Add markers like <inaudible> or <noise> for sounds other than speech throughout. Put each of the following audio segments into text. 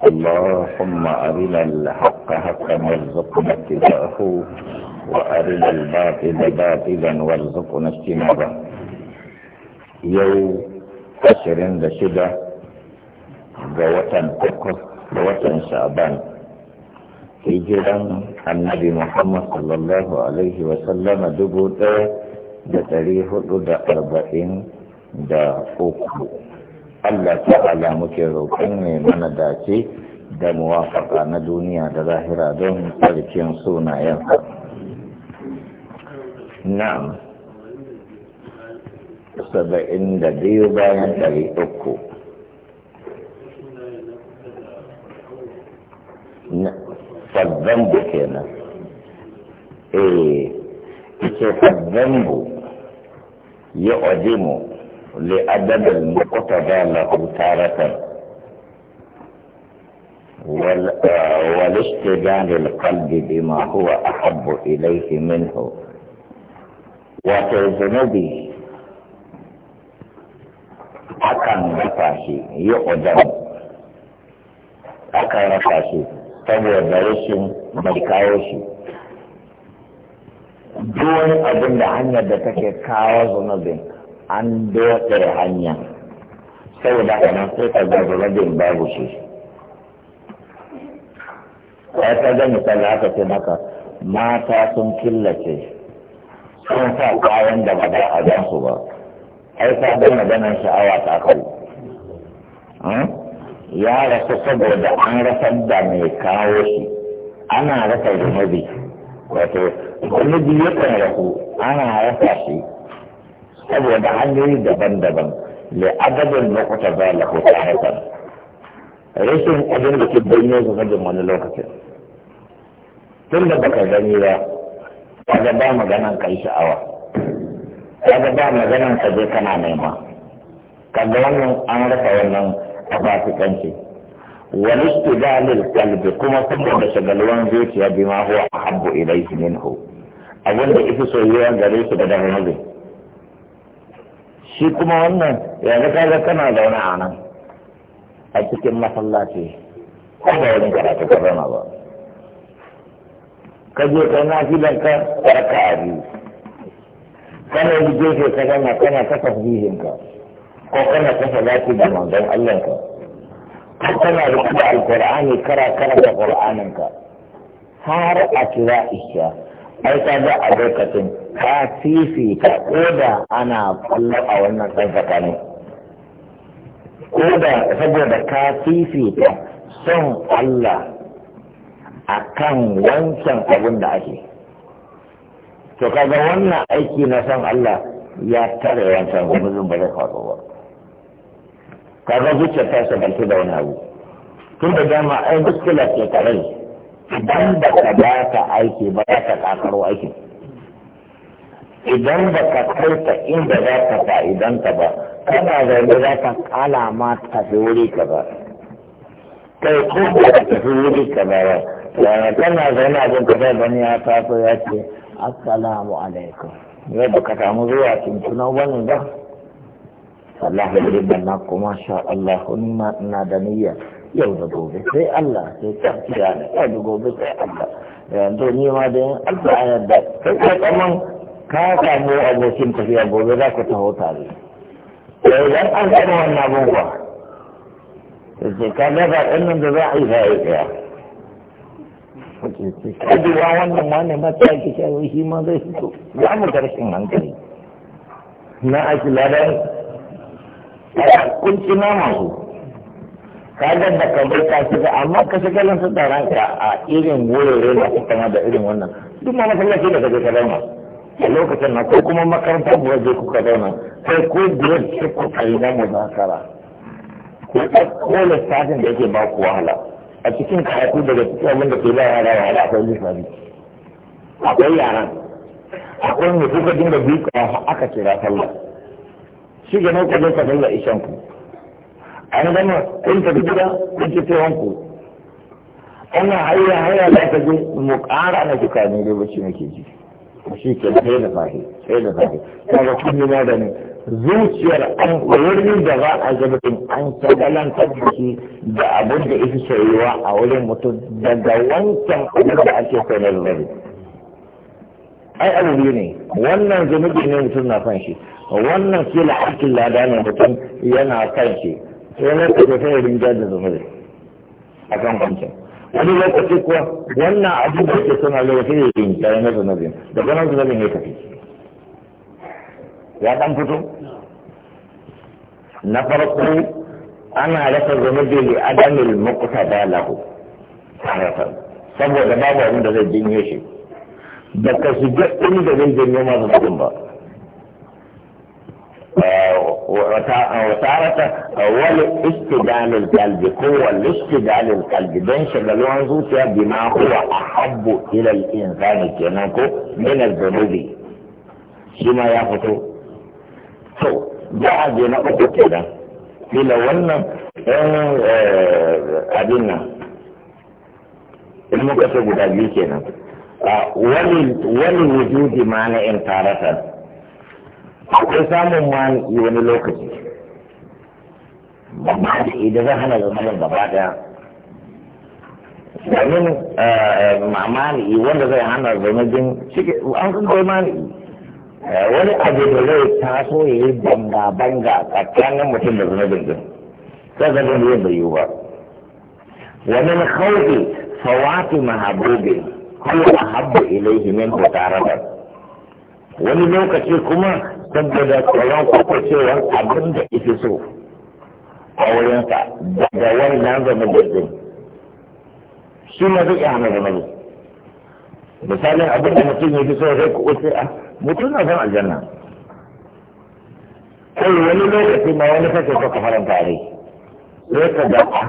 اللهم أرنا الحق حقا وارزقنا اتباعه وأرنا الباطل باطلا وارزقنا اجتنابه يوم عشرين لشدة بوطن كوكو بوطن شعبان في هجرا النبي محمد صلى الله عليه وسلم دبوته بتاريخ الأربعين دا أوكو Allah ta'ala muke roƙon ne mana dace da muwafaka na duniya da zahira don tsarkin sunayensa. Na'am. Saba'in da biyu bayan ɗari uku. Fadzambu kenan. Eh, ita fadzambu ya ojimu لأدب المكتبة له تارة آه، والاشتغال القلب بما هو أحب إليه منه وتزنبي أكن نفاشي يقدم أكن نفاشي تبو درس ملكاوشي دون أبن عنا بتكي كاوز نبينك an doke hanya saboda haka nan sai ka gaba rabin babu shi ya ta ga misali haka ce maka mata sun killace sun sa kayan da ba za a gan su ba ai ka gama ganin sha'awa ta kai hmm? ya rasu saboda an rasa da mai kawo shi ana rasa zunubi wato zunubi yakan rasu ana rasa shi saboda hanyoyi daban-daban da adadin lokuta za la ko haifar rashin abin da ke bayyana su sabbin wani lokacin tun da baka gani ba ga ba maganan kai sha'awa ga ba maganan ka je kana nema kaga wannan an rasa wannan a kanci wani istidalil kalbi kuma da shagalwan zuciya bima huwa ahabbu ilayhi minhu abin da ifi soyayya gare su da ne. shi kuma wannan yanzu kaga kana zaune a nan a cikin masallaci ko da wani karatu ka zama ba ka je ka na filan ka raka a biyu kana yi gefe ka gana kana ta tasbihin ka ko kana ta salati da manzon Allah ka ko kana rubuta alqur'ani kara kara da qur'anin ka har a kira isha ai ka da a lokacin ka fifita ko da ana kwallo a wannan ɗan tsakanin ko da saboda ka fifita son Allah a kan wancan abin da ake to kaga wannan aiki na son Allah ya tare wancan gumurzun ba zai faru ba kaga zuciya ta shagaltu da wani abu tun da dama ai muskila ke tare idan ba ka ba aiki ba za ta kakaro aiki idan ba ka kai ta inda za ta fa'idanta ba kana zaune za ta kala ma tafi wuri ka ba kai ko ba ta tafi wuri ka ba yana na zaune abin kaza bani ya taso ya ce assalamu alaikum yau ba ka samu zuwa tuntuna wani ba Allah ya riba na kuma sha Allah ni ma ina da niyya yau da gobe sai Allah sai tafiya da yau da gobe sai Allah yanzu ni ma da yin Allah a yadda sai kai kaman ka samu abokin tafiya gobe za ku taho tare idan an gama wannan abin kuwa sai ka gaba ba nan da za a yi za a yi tsaya kaji wa wannan ne mata ki kyau shi ma zai fito za mu karshen hankali na aki ladan na masu ka ga da ka bai ka shiga amma ka shi nan sun tsara ranka a irin wurare da suka ma da irin wannan duk ma masallaci da kaje ka zauna a lokacin na ko kuma makarantar mu waje kuka dauna kai ko biyar ce ku kai na muzakara ku ko sajin da yake ba ku wahala a cikin karatu daga cikin abin da ke ba yara wahala akwai lissafi akwai yaran akwai mu kuka dinga bi aka kira sallah shi ga nan ku dinga sallah ishan ku an gama kun tafi gida kun ci wanku ana haya haya da ka je mu ƙara na jika ne dai bacci nake ji shi ke sai da fahi sai da fahi kaga kun yi magani zuciyar an wurin da ba a gabatin an shagalantar da da abin da yake soyuwa a wurin mutum daga wancan abin da ake so da zunubi ai abu biyu ne wannan zunubi ne mutum na fanshi, wannan kila la'akin lada ne mutum yana fanshi. shi sai lokaci sai rinja a kan wancan wani lokaci kuwa wannan abin da ke suna lokaci ya rinja ya na ne da ganin zunubin ya tafi ya dan fito na farko ana rasa zunubi li adamil da lahu saboda babu abin da zai jinye shi da ka shiga inda zai jinye ma mutum ba وتارة ولاشتغال القلب قوة الاستدان القلب بين شغلوان زوجها بما هو أحب إلى الإنسان كنكو من الذنوب شما يفتو تو جاء جنا أكو كده إلى ولنا أبنا آه، آه، المكتب ده بيكنا آه، وللوجود معنى إن akwai samun wani wani lokaci babba da idan zan hana zamanin gaba daya domin eh, eh, mamani wanda zai hana zamanin cike an kan kai mani eh, wani abu da zai taso ya yi banga-banga tsakanin mutum da zamanin din sai ga da yin bayu ba wani na kawai fawati mahabubin kuma a habba ilaihi min tarabar wani lokaci kuma da tsoron kwakwacewar abin da ita so a wurinsa daga wannan zama jirgin shi ma zai iya hana zama ne misalin abin da mutum ya fi so zai kuɓuce a ah, mutum na zan aljanna kai wani lokaci ma wani kake so ka faranta ne sai ka ga ah,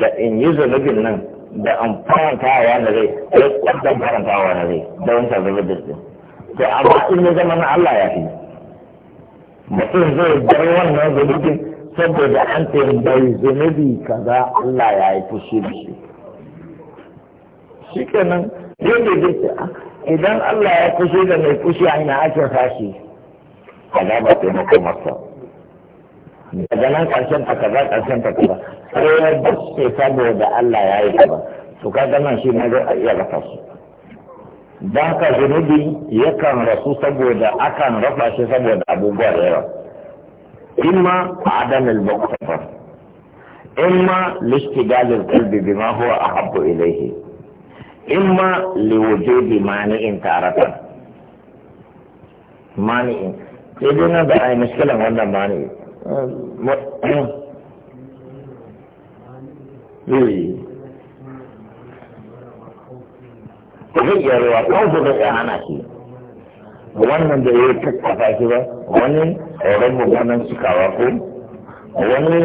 da in yi zunubin nan da an farantawa na zai sai kwanton farantawa na zai da wancan zama jirgin to amma in ya zama na Allah ya fi mutum zai bar wannan zunubin saboda an ce bai zunubi kaza Allah ya yi fushi da shi shikenan yadda zai ce ah, idan Allah ya fushi da mai fushi a ina ake fashi kaza ba ta maka masa daga nan karshen ta kaza karshen ta kaza sai ya dace saboda Allah ya yi kaza to kaga nan shi na zai iya rasa su don ka zunubi yakan rasu saboda akan rafa shi saboda abubuwa da yawa imma a adamin bakwafar imma lishtigalin kalbi bima huwa a habbu ilaihi imma liwujudi mani'in taratan mani'in sai dai nan da a yi miskilan wannan in? <clears throat> zai iya ruwa ko ba zai hana shi wannan da ya kakkafa shi ba wani tsoron eh, mummunan cikawa ko wani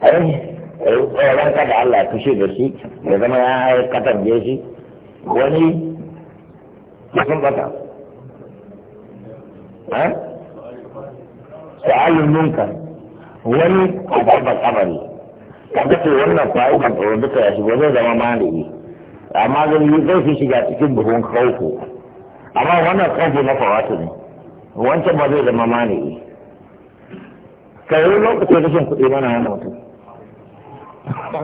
tsoron eh, eh, kada Allah ya kushe da shi ya zama ya katange shi wani kusan bata sa'alin wani a babban kabari kaga to wannan fa'idan tsoron duka ya shigo zai zama malami amma gani zai fi shiga cikin buhun kauko amma wannan kauko na fawatu ne wancan ba zai zama malami kai lokacin da rashin kuɗi mana wani mutum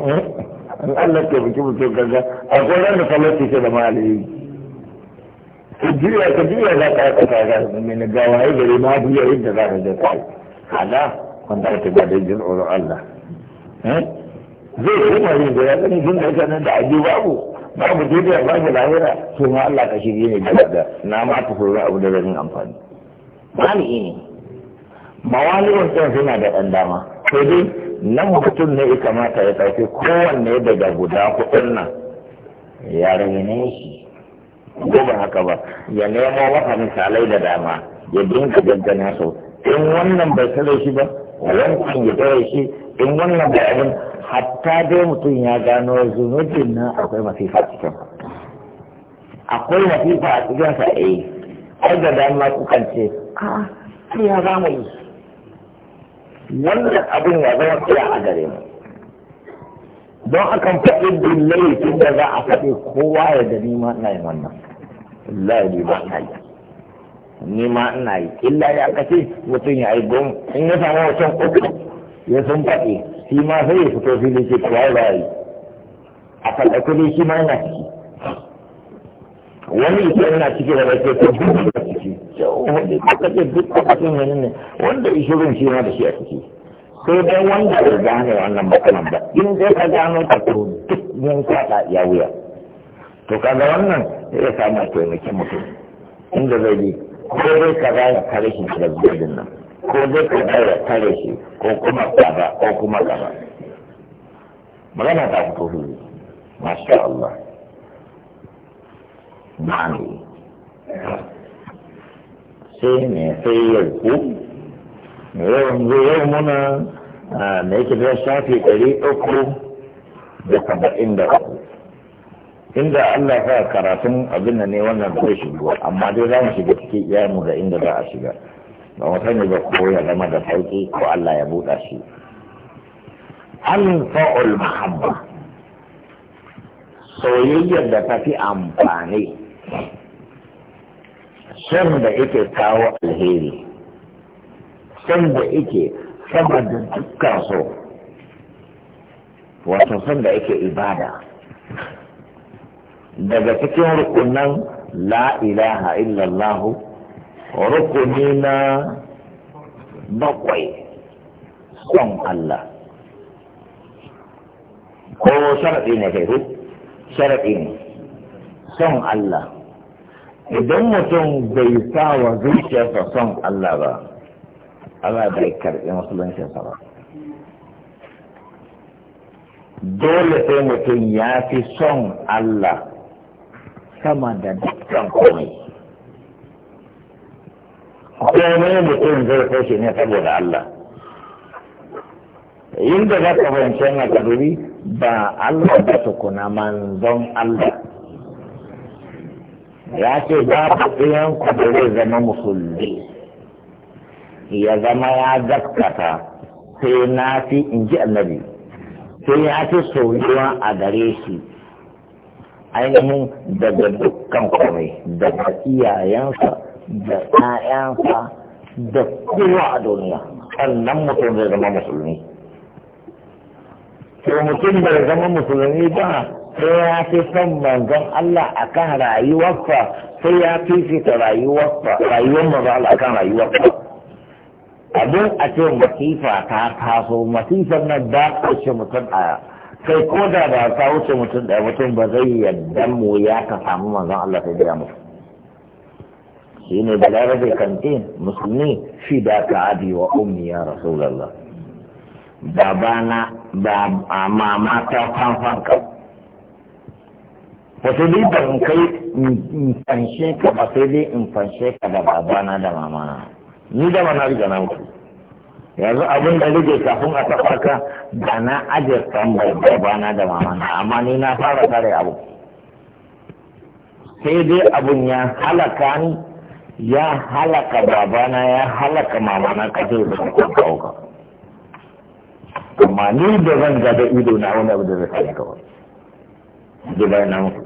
in <laughs> Allah ke biki mutum gaga akwai ran da talauci sai da malami ka juya ka juya za ka rasa kaga mai na gawaye gari ma juya yadda za ka je kai kaga wanda ake ba da jin tsoron Allah eh? zai koma yin da ya gani tun da nan da aji babu babu daidai ya shi lahira to ma Allah ka shirye ne da da na ma ta horon abu da zan amfani mali'i ne mawali wancan suna da ɗan dama to dai nan mutum ne ya kamata ya ɗauki kowanne daga guda kuɗin nan ya raine shi ko ba haka ba ya nemo maka misalai da dama ya dinga gaggana sau in wannan bai tare shi ba wancan ya tare shi in wannan bai abin hatta dai mutum ya gano zunubin nan akwai masifa cikin akwai masifa a cikin sa eh ai da dama kukan ce a ah, sai ya za mu yi wannan abin ya zama kira a gare mu don akan faɗi dillai tun da za a faɗi kowa ya da nima ina yin wannan wallahi ni ba ina yi ni ma ina yi illa ya kace mutum ya yi gom in ya samu wancan uku ya sun faɗi shi ma sai ya fito fili ce kuwa za a yi a faɗaƙo ne shi ma yana ciki wani ita yana ciki da rake ta duk da ciki wanda aka ce duk a cikin wani ne wanda shirin shi ma da shi a ciki sai dai wanda ya gane wannan matsalan ba in dai ka gano ta to duk yan kwaɗa ya wuya to kaga wannan ya samu taimaki mutum inda zai yi ko dai ka gane karishin da zuwa nan ko zai ka ɗaya tare shi ko kuma kaza ko kuma kaza magana ta fito fili masha Allah ma'ani sai ne sai ya ku yau yau muna na yake da shafi ɗari uku da saba'in da uku inda Allah ya karatun abin da ne wannan zai shigo amma dai za mu shiga cikin iyayenmu da inda za a shiga ba wata ne ba ko ya zama da sauki ko Allah ya buɗa shi an fa'ul mahabba soyayyar da ta fi amfani shan da yake kawo alheri shan da yake sama da dukkan so wato shan da yake ibada daga cikin rukunan la ilaha illallahu rukuni na bakwai son Allah ko sharaɗi ne kai sharaɗi ne son Allah idan mutum bai sa wa zuciyarsa son Allah ba Allah bai karɓi musuluncinsa ba dole sai mutum ya fi son Allah sama da dukkan komai komai mutum zai kashe ne saboda Allah inda za ka fahimci yana kaduri ba Allah ba kuna manzon Allah ya ce ba ku ɗayan ku da zai zama musulmi ya zama ya gaskata sai na fi in ji annabi sai ya fi soyuwa a gare shi ainihin daga dukkan komai daga iyayensa da ƴaƴansa da kowa a duniya sannan mutum zai zama musulmi to mutum bai zama musulmi ba sai ya fi son manzon Allah a kan rayuwarsa sai ya fifita rayuwarsa rayuwar manzon Allah kan rayuwarsa abin a ce masifa ta taso masifar nan da ce mutum a kai ko da ba ta wuce mutum ɗaya mutum ba zai yadda mu ya ka samu manzon Allah sai ya mutum shi ne balarabe kantin musulmi fi da ka abi wa ummi ya rasulallah babana da mama ta fanfan ka wato dai ban kai in fanshe ka ba sai dai in fanshe ka da babana da mamana ni da mana riga na mutu yanzu abin da rige kafin a tafarka da na ajiyar tambar babana da mamana amma ni na fara tare abu sai dai abun ya halaka ni ya halaka babana ya halaka mamana ka zai zai kwanta uka amma ni da zan gada ido na wani abu da zai kai kawai gida na mutu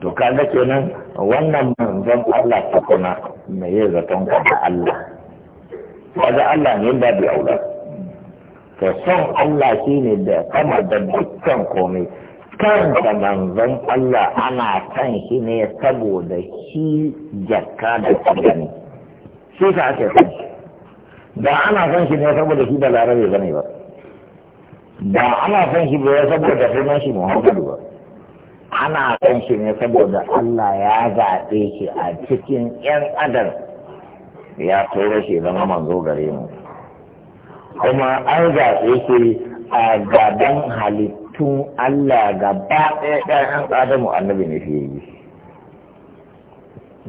to kaga kenan wannan manzon Allah ta kuma me ya zaton ka da Allah kaga Allah ne ba bi aula to son Allah shine da kama da dukkan komai kanta manzon Allah ana kan shi ne saboda shi jakka da gani shi ka ake san shi ba ana san shi ne saboda shi da larabe zane ba ba ana san shi ba saboda sunan shi Muhammadu ba ana san shi ne saboda Allah ya zaɓe shi a cikin ‘yan adam ya tura shi zama manzo gare mu kuma an zaɓe shi a gaban halitta Tun Allah gaba ɗaya ɗayan adamu annabi ne fiye yi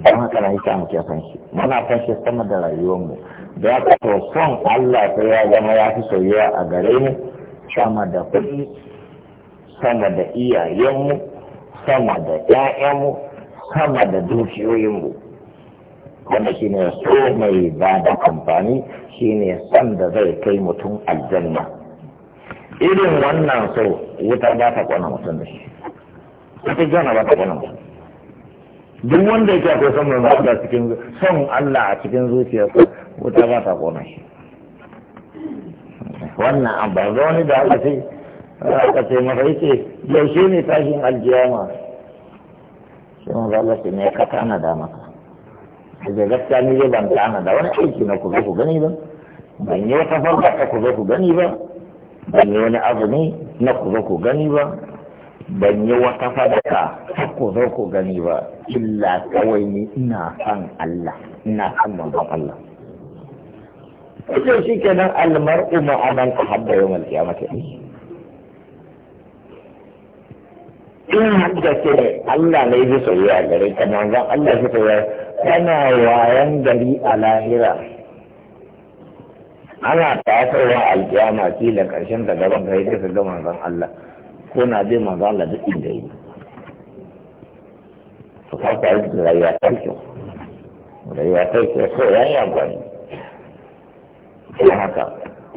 don haka na hita muke kya muna fanshi sama da rayuwarmu da ya kato son Allah sai ya zama ya fi soyayya a gare mu sama da kuɗi sama da iyayenmu sama da ƴaƴanmu sama da dukiyoyinmu wanda ne so mai ba da amfani shine son da zai kai mutum aljanna irin wannan so wuta ba ta kona mutum da shi ita jana ba ta kona mutum duk wanda yake akwai son mai Allah cikin son Allah a cikin zuciyarsa wuta ba ta kona shi wannan abba ga wani da aka ce aka ce masa yake yaushe ne tashin aljiyama shi mun Allah ce ne ka tana da maka da gaskiya ni ban tana da wani aiki na ku zo ku gani ba ban yi wata farka ta ku zo ku gani ba ban yi wani abu ne na ku zo ku gani ba ban yi wata sadaka ta ku zo ku gani ba illa kawai ni ina san Allah ina san manzon Allah Ita shi kenan almar'u ma'aman ka habba yau mal kiyamata ne. In hadda ce Allah ne zai soyayya gare ka manzon Allah zai soyayya kana wayan gari a lahira ana tasarwa alkiyama kila karshen da gaban kai da ka ga manzon Allah ko na bi manzon Allah duk inda yi to ka ta yi rayuwa ta kyau rayuwa ta kyau so ya yi amfani haka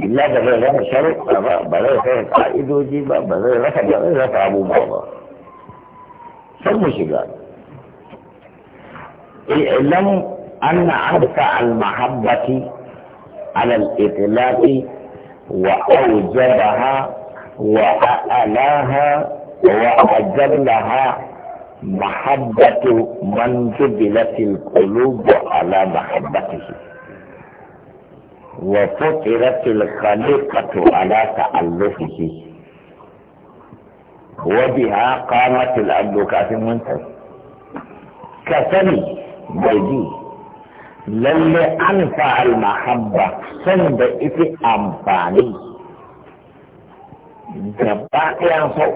illa da zai rasa sharuɗa ba ba zai rasa ka'idoji ba ba zai rasa ba zai rasa abubuwa ba sai mu shiga ilam anna abka al-mahabbati على الإطلاق وأوجبها وأعلاها وأجلها لها محبة من جبلت القلوب على محبته وفطرت الخليقة على تألفه وبها قامت الأرض كافي منتج كسني بيدي lalle an fa'al mahabba sanda da ita amfani gaba ɗaya so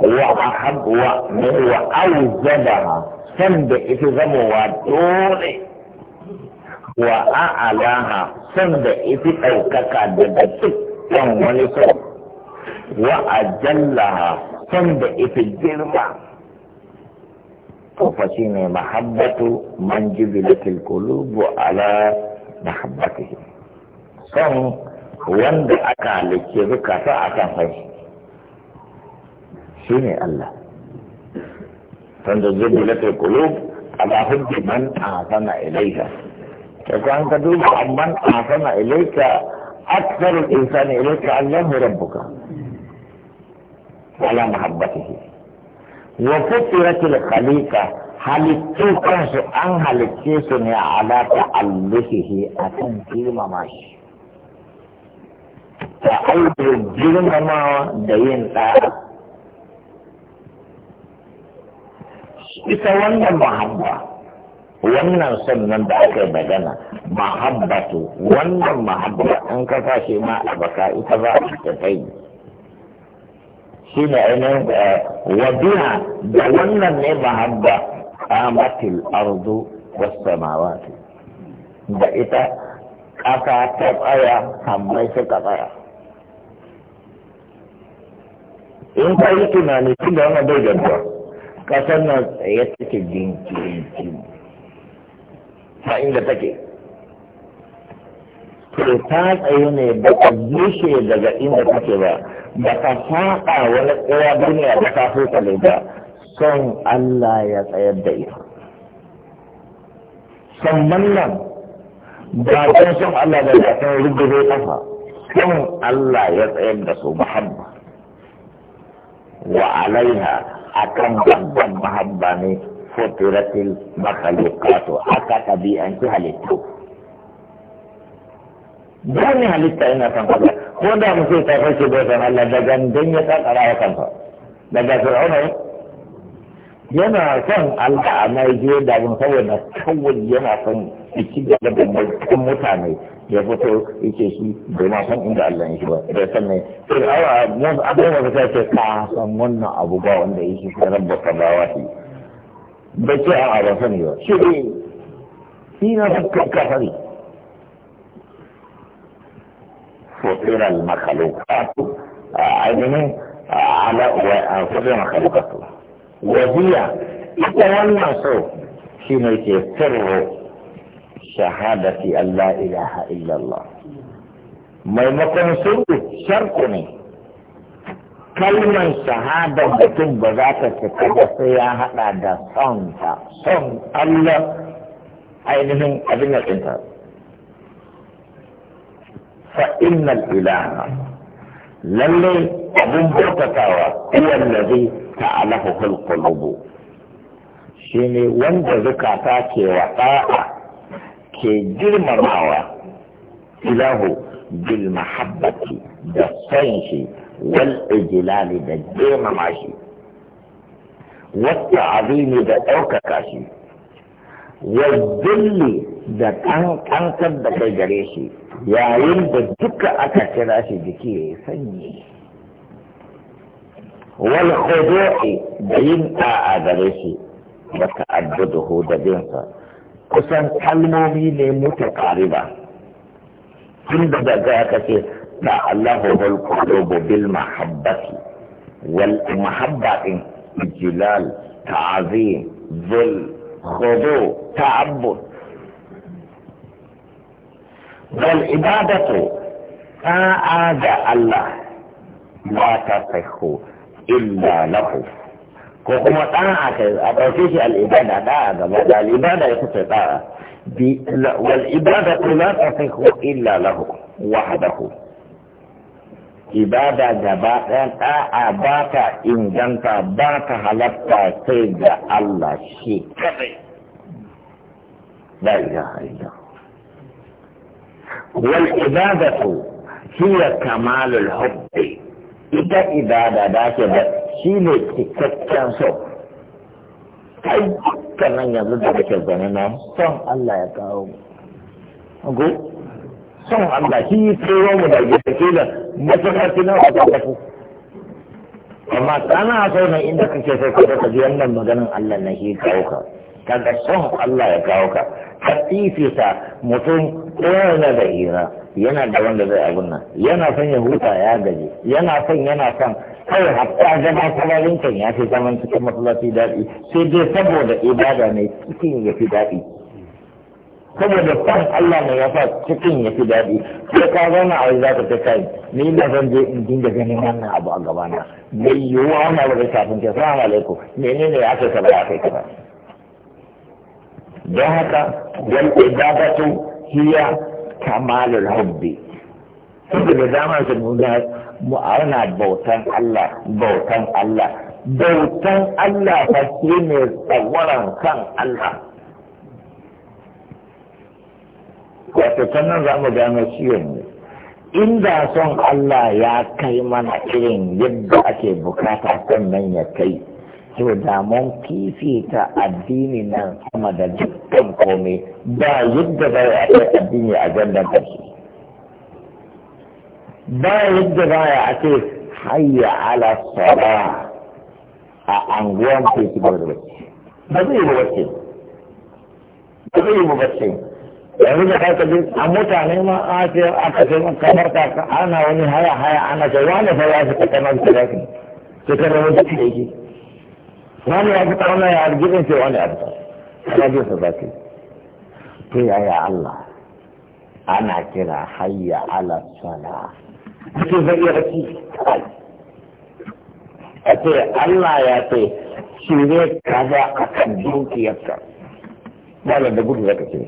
wa ahabwa ne wa auzada son ita zamowa dole wa a'alaha sanda da ita ɗaukaka daga dukkan wani so wa ajallaha son ita girma فشين محبة من جبلت القلوب على محبته son wanda aka halicce zukata a aka sai shi ne Allah son da jibulatul qulub ala hujji man ahsana ilayka to kan ka duba man ahsana ilayka aktsaru insani ilayka Allah rabbuka ala mahabbatihi wa fitiratul khaliqa halittu kansu an halicce su ne ala ta'alluhihi akan girmama shi ta aikin girmamawa da yin ɗaya ita wannan mahabba wannan sannan da aka yi magana mahabbatu wannan mahabba an ka fashe ma a baka ita ba a ta shi ne ainihin eh, wadiya da wannan ne hadda kamatil ardu wasamawati da ita ƙasa ta tsaya shi suka tsaya in ka yi tunani tun da wani bai gaba ƙasar nan tsaye take jinkirin fa inda take to ta tsaye ne ba ka gushe daga inda take ba ba ka saƙa wani tsaya duniya da ka so ba son Allah ya tsayar da ita sannan nan ba don son Allah da ya rubuce kafa son Allah ya tsayar da su muhabba wa alaiha akan babban mahabba ne fotiratil a aka tabi'anci halittu ba halitta ina kan Allah ko da sai ta farce da san Allah da dan ya kara ya kansa daga fir'auna yana son Allah a mai je da mun saboda kawai yana son iki da mun mutane ya fito yake shi bai ma san inda Allah yake ba da san ne fir'auna mun abin da ta ce ka san wannan abu ba wanda yake shi rabba samawati da ce a ba sani ba shi ne shi na fuskar kafari فطر المخلوقات عينه على فطر المخلوقات وهي تتولى صوت شنو يسر شهادة أن لا إله إلا الله ما يمكن سر شرطني kalmar shahadar mutum ba za ta fita ba sai ya haɗa da son ta son Allah ainihin abin da فإن الإله للي أبن بوتتاوى هو الذي تعله في القلوب شيني وانت ذكاتا كي وطاعة كي جرم ماوى إله بالمحبة بالصنش والإجلال بالجرم ماشي والتعظيم بالأوكاكاشي والذل ده تنكر ده جريشي yayin da duka aka kira shi jiki ya yi sanyi wal khudu'i da yin a gare shi da ta'adduduhu da binsa kusan kalmomi ne mutaqariba tunda daga aka ce da Allahu hul qulubu bil mahabbati wal mahabbatin jilal ta'zim zul khudu ta'abbud والعبادة فآد الله لا تصح إلا له كما تعاك أبوشيش العبادة لا هذا ماذا العبادة والعبادة لا تصح إلا له وحده عبادة جباتا تاعة باتا إن جنتا باتا هلتا سيد الله شيء كفي لا إله إلا الله والعبادة هي كمال الحب إذا إبادة ذاك شيء تكتن سو أي كمان يبدو ذلك الزمن صن الله يكاوم أقول صن الله هي تروم ذلك كذا ما تفكرنا ولا amma kana so ne inda kake so ka jiyan nan maganan Allah na shi kawo ka kaga son Allah ya kawo ka ka mutum kowane da hira yana da wanda zai abin nan yana son ya huta ya gaji yana son yana son kawai hatta zama sararin kan ya fi zaman cikin masallaci daɗi sai dai saboda ibada ne cikin ya fi daɗi saboda san Allah mai ya sa cikin ya fi daɗi sai ka zauna a za ka ta kai ni na zan je in dinga ganin wannan abu a gabana mai yiwuwa wannan abu zai shafin ke salamu alaikum menene ya ce saba ya kai kira don haka don ibadatu hiya kamalul hubbi tunda da dama su nuna mu ana bautan Allah bautan Allah bautan Allah fa shi ne tsawaran kan Allah wato sannan za mu gano ciwon ne inda son Allah ya kai mana irin yadda ake bukata sannan ya kai to da mun fifita addini nan sama da dukkan kome, ba yadda za a kai addini a gandan karshe ba yadda za a ce hayya ala sara a anguwan ke ci gaba da bacci ba zai yi bacci ba zai yi bacci yanzu da kaka ji a mutane ma a ce aka ce kamar ka ana wani haya haya ana ce wani fa ya fi kakamar su da ke shekarar wani da ke wani ya fita wannan ya argibin ce wani ya fita ana jin sa zaki to yaya Allah ana kira hayya ala sala ake zai iya rashi a ce Allah ya ce shi ne kaza a kan dukiyarka malam da gudu zaka ce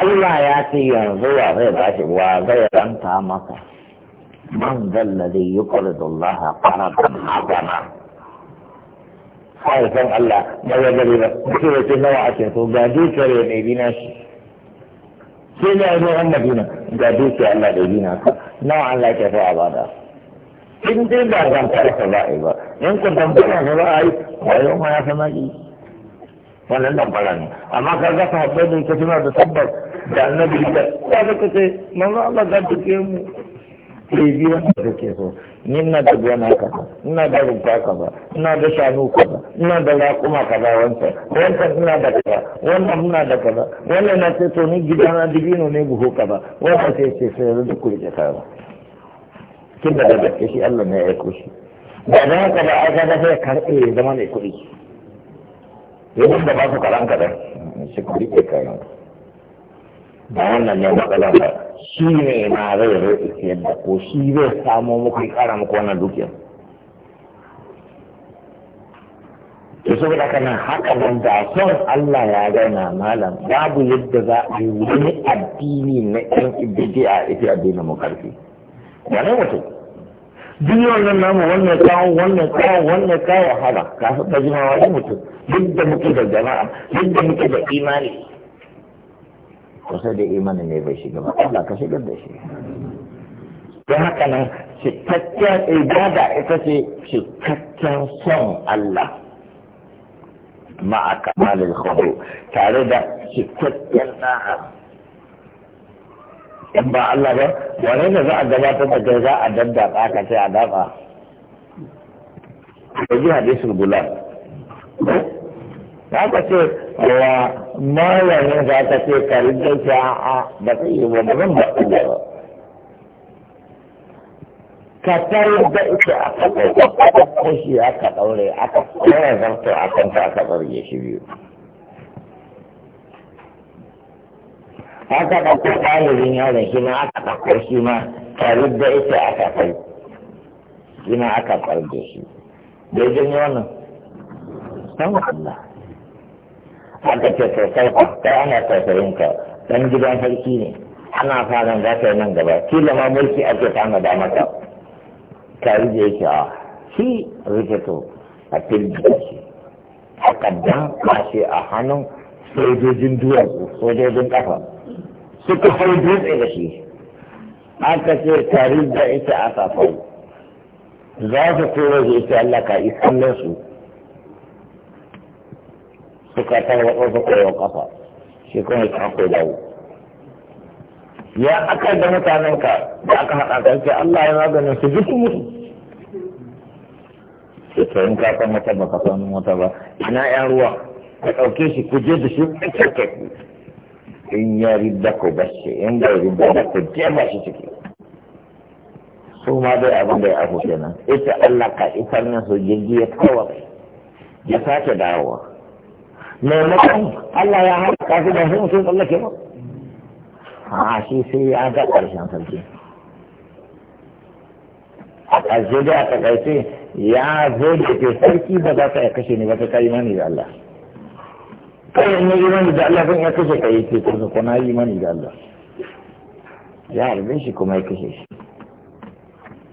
Allah ya ce yanzu wa zai ba shi wa zai ranta maka man zalladi yuqridu Allah qaradan hasana harfan Allah ba ya gari ba mutum ya nawa nawa cikin su ga dukiyar ya ɗabi na shi sai ne ainihin an madina ga dukiyar Allah ɗabi na ka nawa Allah ke so a bada in dai ba zan karfa ba a yi ba in ku dan fara ba a yi wayo ma ya sama ki wannan dan fara ne amma ka ga sahabbai da yake suna da tabbas da annabi da ya zaka ce manzo Allah ga dukiyar mu sai biyu wanda kake so ni na da gona kaza ina da rumfa kaza ina da shanu kaza ina da raƙuma kaza wancan wancan ina da kaza wannan ina da kaza wannan na ce to ni gidana dibino ne buhu kaza wannan sai ce sai yanzu duk kurje ba kin da da shi Allah ne ya aiko shi da za ka da aka da sai karɓe ya zama mai kuɗi yawan da ba su kalan kaɗan shi kuɗi ke kayan ba wannan ne matsala ba shi ne ma zai zai siyar ko shi zai samo muku kara muku wannan dukiyar to saboda haka nan haka nan da son Allah ya gaina malam babu yadda za a yi wani addini na ɗan ibidiya ita addinin mu karfi wani mutum duk wannan namu wannan kawo wannan kawo wannan kawo hana kafin ka jima wani mutum duk da muke da jama'a duk da muke da imani to sai da imanin ne bai shiga ba Allah ka shigar da shi don haka nan cikakken ibada ita ce cikakken son Allah ma'a kamalin hudu tare da cikakken na'a in ba Allah ba wani da za a gabatar da za a ba ka ce a dafa Ko ji hadisul gulam ba ka ce wa malamin za aka ce ka da shi a'a ba zai yi ba zan ba ku ba ka tarar da ita a kasar da aka kashi aka ɗaure aka kora zarto a kanta aka tsarge shi biyu haka ɗauko ɗalibin yaron shi ma aka ɗauko shi ma tarar da ita aka kai shi ma aka tsarge shi daidai ne wannan san Allah aka ce sosai fa kai ana tausayin ka dan gidan sarki ne ana fara za ka yi nan gaba kila ma mulki ake tana da maka ka rije yake a ah, shi rike to a firgita shi a kaddan kashe a hannun sojojin duwatsu sojojin kafa suka hau dutse da shi aka ce tare da ita a safau za su koro da ita Allah ka yi kallon su suka tarwatsa suka yi kafa shi kuma ya tsako dawo ya aka da mutanen ka da aka haɗa ka ce Allah ya maganin su duk mutu sai to in ka san wata baka san wata ba ina yan ruwa ka ɗauke shi ku je da shi ka ku in ya ridda ku bashi in bai ridda da ku je ba shi ciki su ma dai abin da ya afu kenan ita Allah ka isar ne su jirgi ya kawai ya sake dawowa maimakon Allah ya hana kafin da sun sun tsallake ba a shi sai ya ga ƙarshen sarki a ƙarshe da a takaice ya zo da ke sarki ba za ka kashe ni ba ta ka imani da Allah kai in yi imani da Allah zan ya kashe ka yi ce ko ko na yi imani da Allah ya harbe shi kuma ya kashe shi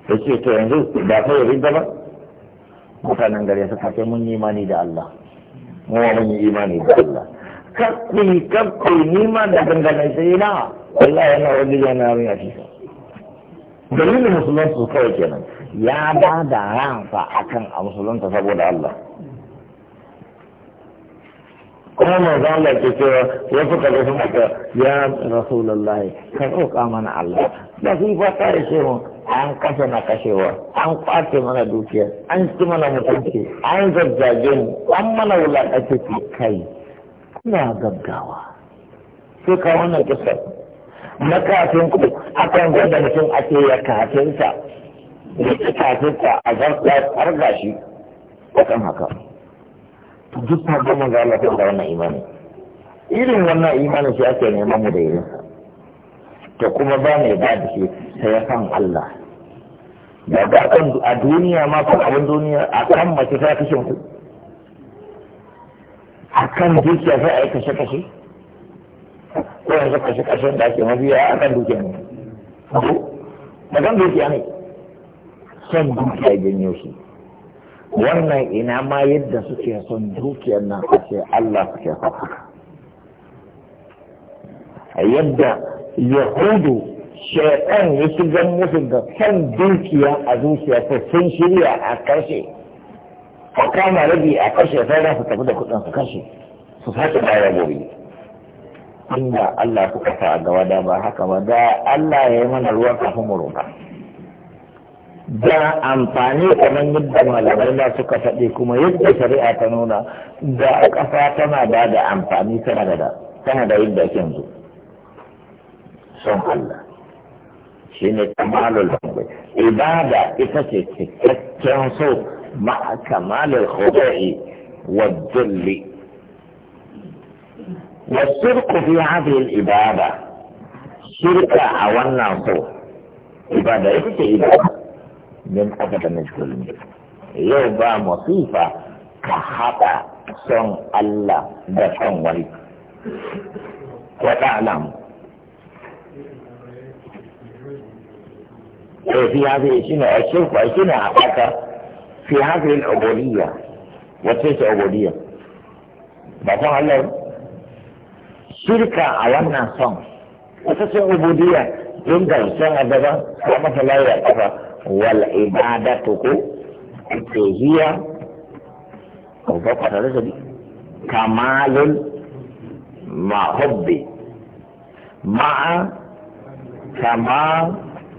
ya ce to yanzu da fa yi ba mutanen gari suka ce mun yi imani da Allah mu mun yi imani da Allah kakkuyi kakkuyi ni ma da dangane sai na Allah yana wani yana mai afisa dalilin su kawai kenan ya ba da ransa akan a ta saboda Allah kuma manzo Allah ke cewa wasu kaza sun ya rasulullahi ka roƙa mana Allah da su ba ta an kasa na kashewa an kwace mana dukiya an ci mana mutunci an zazzage mu an mana wulaƙace ce kai kuna gaggawa sai ka wannan kisa na kafin ku akan gwada mutum a ce ya kafinsa ya ci kafinsa a har gashi akan haka duk ta gama ga lafiyar da wannan imanin irin wannan imanin shi ake neman mu da irinsa to kuma ba mai ba da shi sai san Allah da ga kan a duniya ma kan abin duniya a kan mace ta kashe mutum a kan dukiya sai a yi kashe kashe ko yanzu kashe kashe da ake mabiya a kan dukiya ne da kan dukiya ne son dukiya ya janyo shi wannan ina ma yadda suke son dukiyar nan a ce Allah suke son haka yadda yahudu shaitan ya zan musu da kan dukiya a zuciya ta sun shirya a karshe ka kama rabi a karshe sai za su tafi da kudin su kashe su sake bayar gobe inda Allah suka sa a gaba da ba haka ba da Allah ya yi mana ruwa kafin mu roƙa da amfani kamar yadda malamai na suka faɗi kuma yadda shari'a ta nuna da ƙasa tana da da amfani tana da tana da yadda ake yanzu son Allah shi ne kamalul ibada ita ce cikakken so ma kamalul hubbi wa dhulli wa shirku fi hadhihi ibada shirka a wannan so ibada ita ce ibada min abada yau ba masifa ka haɗa son Allah da son wani. Wata alamu. ko eh, fi hafi ya a shi ko a shi a obodiya wace ce obodiya ba ta halar shirka a wannan son wata ce obodiya don da shan adaba ko a masa laye a kafa wala ibada ko ko ko ziya ko ma'a kama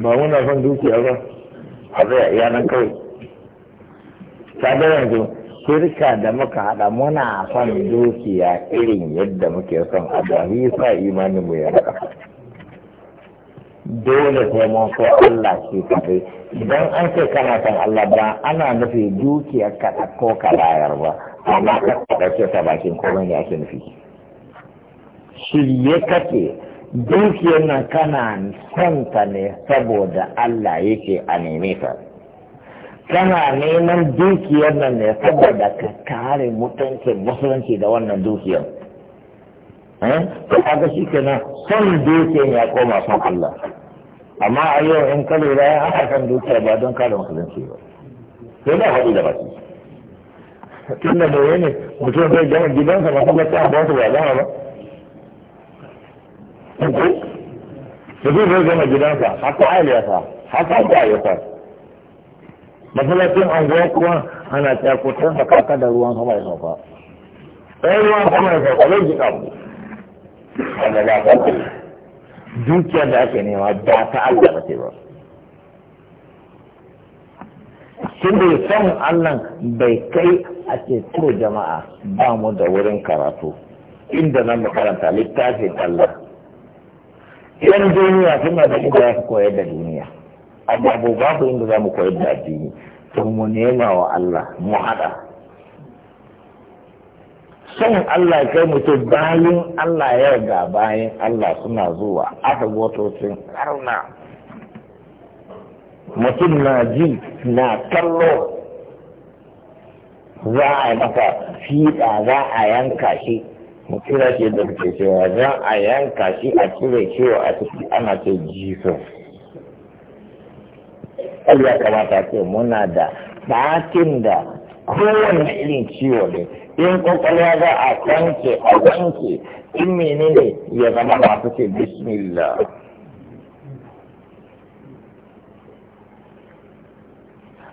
ba muna son dukiya ba a zai iya nan kawai ta da yanzu shirka da muka haɗa muna son dukiya irin yadda muke son a sa imanin mu ya raka dole sai mun so Allah shi kaɗai idan an ce kana son Allah ba ana nufi dukiya ka ko ka ba amma ka ɗauke ta bakin komai ne ake nufi shirye kake dukiyar nan kana son ta ne saboda Allah yake a neme ta kana neman dukiyar nan ne saboda ka kare mutuncin musulunci da wannan dukiyar eh? to kaga shi kenan son dukiyar ya koma son Allah amma a yau in ka lura ya haka kan dukiyar ba don kare musulunci ba sai ba faɗi da baki tunda da ne mutum zai gama gidansa masallaci a ba su ba zama ba Tafi zai gama gidansa, haka aliyasa, haka aliyasa. Masalacin anguwa kuwa ana tsakutar da kaka da ruwan sama ya sauka. Ɗan ruwan sama ya sauka zai ji kamu. Wanda za ka ce, dukiyar da ake nema ba ta Allah ba ce ba. Sun bai san Allah bai kai a ce to jama'a ba mu da wurin karatu. Inda nan mu littafin Allah. yan duniya suna da inda su koyar da duniya amma ba babu inda za mu koyar da addini to mu nema wa Allah mu haɗa son Allah kai mutum bayan Allah ya ga bayan Allah suna zuwa aka sun karna mutum na ji na kallo za a yi masa fiɗa za a yanka shi kira ce da ke cewa don a yanka shi a cire kiwo a ciki ana ce jesus ƙwai ya kamata ce muna da ɗakin da kowane irin ciwo ne in kwakwalwa za a kwanke a kwanke in menene ya zama masu ce bismillah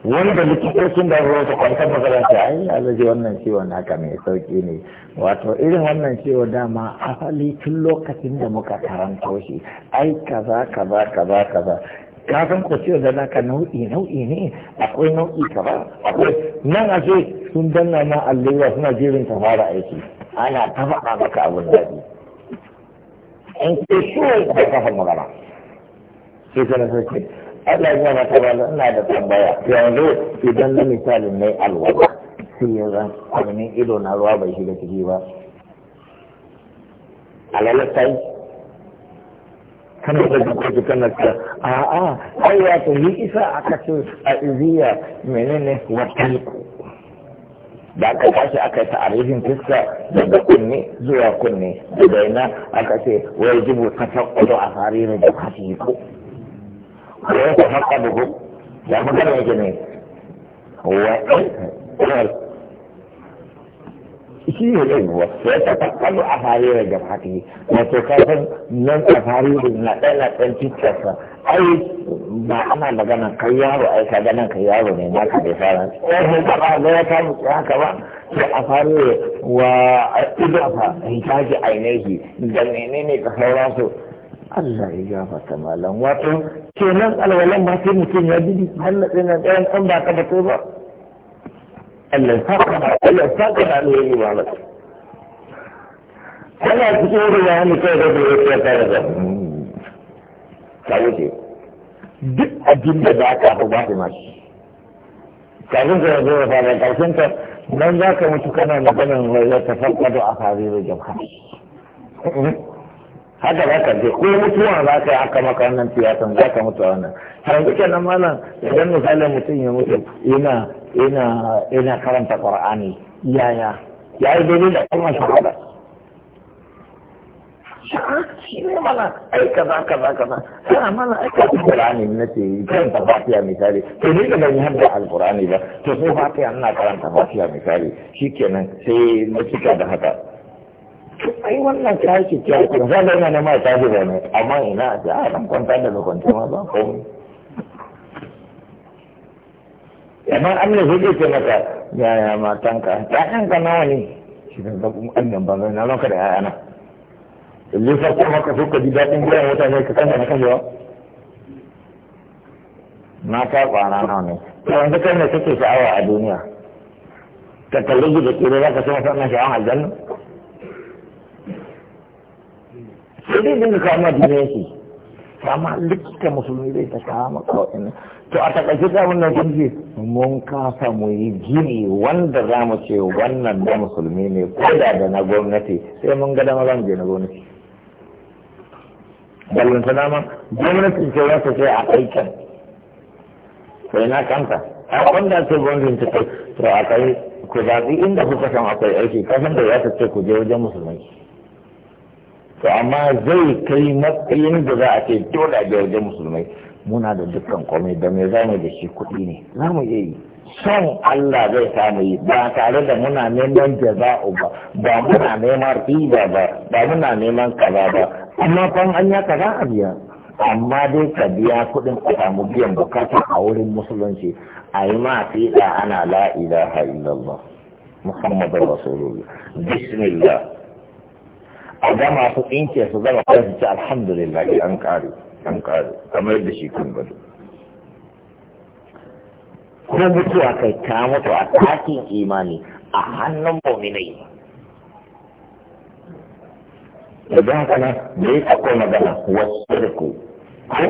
wanda likitocin da ruwa ta kwanta magana ta ai alaji wannan ciwon naka mai sauki ne wato irin wannan ciwo dama asali tun lokacin da muka karanto shi ai kaza kaza kaza kaza ka ko ciwon da naka nau'i nau'i ne akwai nau'i kaza akwai nan a ce sun danna ma allura suna jirin ta fara aiki ana ta faɗa maka abin daɗi in ke so da kafa magana sai Allah ya mata ba ina da tambaya yanzu idan na misalin mai alwala sai ya zan kwarmin ido na ruwa bai shiga ciki ba alalatai ta yi kana da jikoki kana ta a a ai ya ta yi isa a kace a iziya menene watan da aka tashi aka yi arihin fiska daga kunne zuwa kunne daga ina aka ce wai jibu ta fakwado a harin da kafi ko yau ta haka dubu ya magana yake ne shi ne da yiwuwa ya ta a fari da jama'ati na tokafin nan a fari da na ɗaya ɗan cikinsa ba ana magana kai yaro ai ka ganin kai yaro ne na ka bai fara ɗaya eh, ba ba ya kamu ya haka ba ta a fari wa idafa hikaji ainihi da menene ka sauransu Allah ya gafarta malam wato kenan alwalan ba sai mutum ya bi na nan ɗayan an ba ka bato ba Allah ya saka ba Allah ya saka ba ne yi wa mutum kana cikin ruwa ne kai da da yake ta da ka wuce duk abin da za ka ba su mashi kafin ka yanzu ya fara karshen ka nan za ka mutu kana maganin wai ya tafarka da a fari da jama'a haka za ka je ko mutuwa za ka yi aka maka wannan tiyatan za ka mutu a wannan yanzu kenan malam idan misalin mutum ya mutu ina karanta qur'ani yaya ya yi daidai da kalmar shahada shi ne mana aika za ka za ka za yana mana aika ta qur'ani na ce karanta fatiha misali to ni da ban yi hadda alqur'ani ba to sai fatiha ina karanta fatiha misali shikenan sai na cika da haka ai wannan ta yake ta yake ta amma ina a nan kwanta da ba kwanta ma ba ko amma zai ce maka ta nawa ne shi zaɓin annan zai na ranka da sa kuma ka so ka ji daɗin ka kanta na kan yawa. kwana nawa ne. Yanzu kai ne kake sha'awa a duniya. Ka kalli gida kira za ka so masa wannan sha'awan aljanna. sai ne ne kama ma duniya shi amma likita musulmi zai ta kama kawai ne. to a takaice da wannan sun ce mun kasa mu yi gini wanda za mu ce wannan da musulmi ne ko da da na gwamnati sai mun ga dama za mu je na gwamnati ballon ta dama gwamnati ce za ta ce a aikin. sai na kanta a wanda ce gwamnati ta kai to a kai ku zaɓi inda kuka san akwai aiki kasan da ya ta ce ku je wajen musulmai to amma zai kai matsayin da za a ce dole a wajen musulmai muna da dukkan komai da me za mu da shi kuɗi ne za mu iya yi son Allah zai samu yi ba tare da muna neman jaza'u ba ba muna neman riba ba ba muna neman kaza ba amma kan an ya kaza a biya amma dai ka biya kuɗin a samu biyan bukata a wurin musulunci a yi ma fiɗa ana la ilaha illallah muhammadun rasulullah bismillah a gama su tsinke su zama kai su ce alhamdulillah an kare an kare kamar da shi kan gado ko mutuwa kai ta mutu a takin imani a hannun muminai Da haka kana da ya akwai magana wasu da ku ko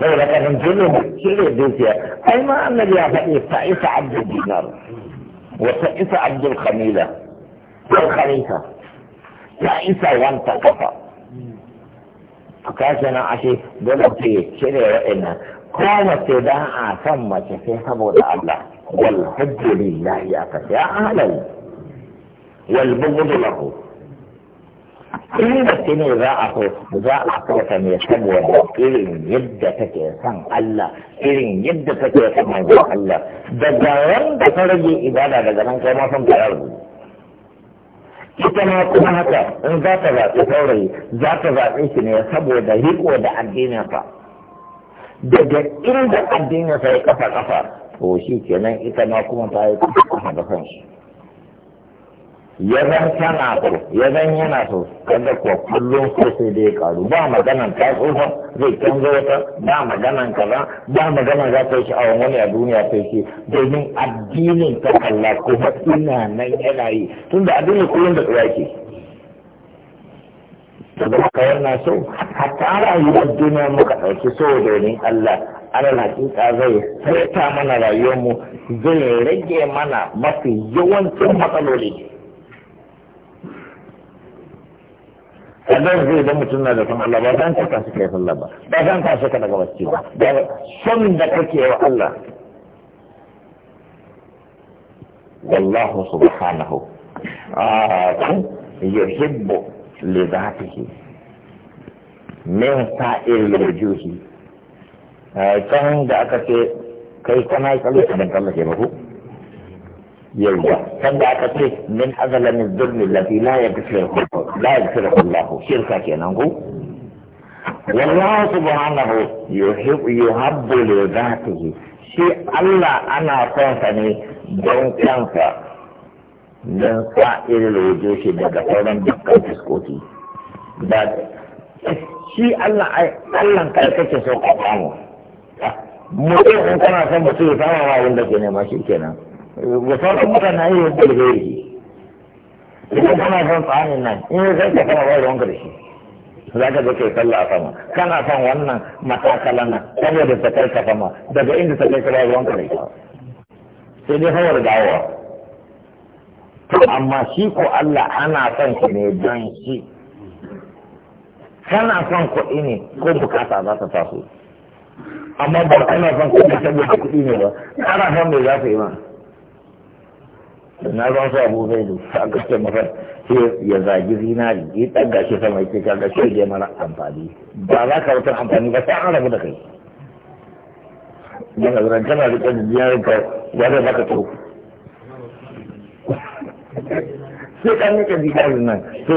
zai da kanin jirgin cire dukiya ai ma annabi ya faɗi ta isa abdul dinar wata isa abdul khamila ko kharita ya isa wanta kafa a kashe nan ashe dole ke shirya wa'annan kowa ce dan a san mace sai saboda Allah wal hujju lillahi aka ya ahlal wal bughdu lahu in mace ne za a so za a so ta ne saboda irin yadda take san Allah irin yadda take son manzon Allah daga wanda ta rage ibada daga nan kai ma san ta yarda ita ma kuma haka in za ta zaɓi saurayi za ta zaɓe shi ne saboda riƙo da addininsa daga inda addininsa ya kafa kafa to shi kenan ita ma kuma ta yi kafa da kansu ya zan tana so ya zan yana so kada kuwa kullum ko sai dai karu ba maganan ta tsufa zai canza wata ba maganan kaza ba maganan za ta yi sha'awar wani a duniya sai shi domin addinin ta ko kuma ina nan yana yi tunda addinin kullum da tsaya ke da haka yana so hatta rayuwar duniya muka ɗauki so domin Allah alal hakika zai saita mana rayuwarmu zai rage mana mafi yawancin matsaloli kadan zai da mutum na da san Allah ba dan ka su kai sallah ba ba dan ka su ka daga bacci ba da son da kake wa Allah wallahu subhanahu ah yuhibbu li dhatihi min sa'ir wujuhi ah, kan da aka ce kai kana kalli kadan kallake ba ko yauwa sanda aka ce min azalami zurni lafi la ya fi shirku la ya fi shirku shirka kenan ku wallahu subhanahu yuhibbu yuhibbu li dhatihi shi Allah ana son sa don kansa dan sa irin wajo shi daga sauran dukkan fuskoki da shi Allah ai Allah kanka ke so ka samu mutum in kana son mutum ya samu wa wanda ke nema shi kenan da sauran mutane yi yadda da gairi idan kana son tsanin nan in yi zai ka kama bai ruwanka karshe? za ka zai kai kalla a sama kana son wannan matakala nan yadda ta kai ka sama daga inda ta kai ka bai karshe sai dai hawar dawowa to amma shi ko Allah ana son shi ne don shi kana son kuɗi ne ko bukata za ta taso amma ba kana son kuɗi saboda kuɗi ne ba kana son me za ka yi ma na zan sa abu zai zo a gaske masa sai ya zagi zinari ya ɗaga shi sama ya ce ka gaske da mara amfani ba za ka wata amfani ba sai an rabu da kai yana zuran kana riƙe da zinarin ka ya zai baka to sai ka nika zinarin nan to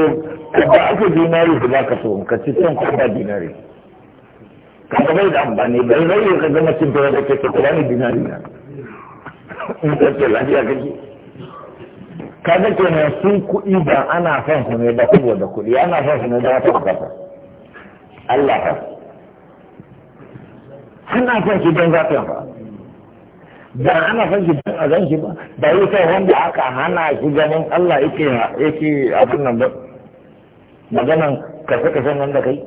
ba ake zinari su baka so ka ci son kuma zinari ka ga bai da amfani bai zai yi ka gama cin da ke ta kuma ni zinari na <laughs> in ka ce lafiya kake kaga kenan sun kuɗi ba ana son su ne da kuɗi da kuɗi ana son su ne da wata bukata Allah ka ana son shi don zafin ba da ana son shi don azan shi ba da yi sai wanda aka hana shi ganin Allah yake yake abin nan ba maganan kasa kasan nan da kai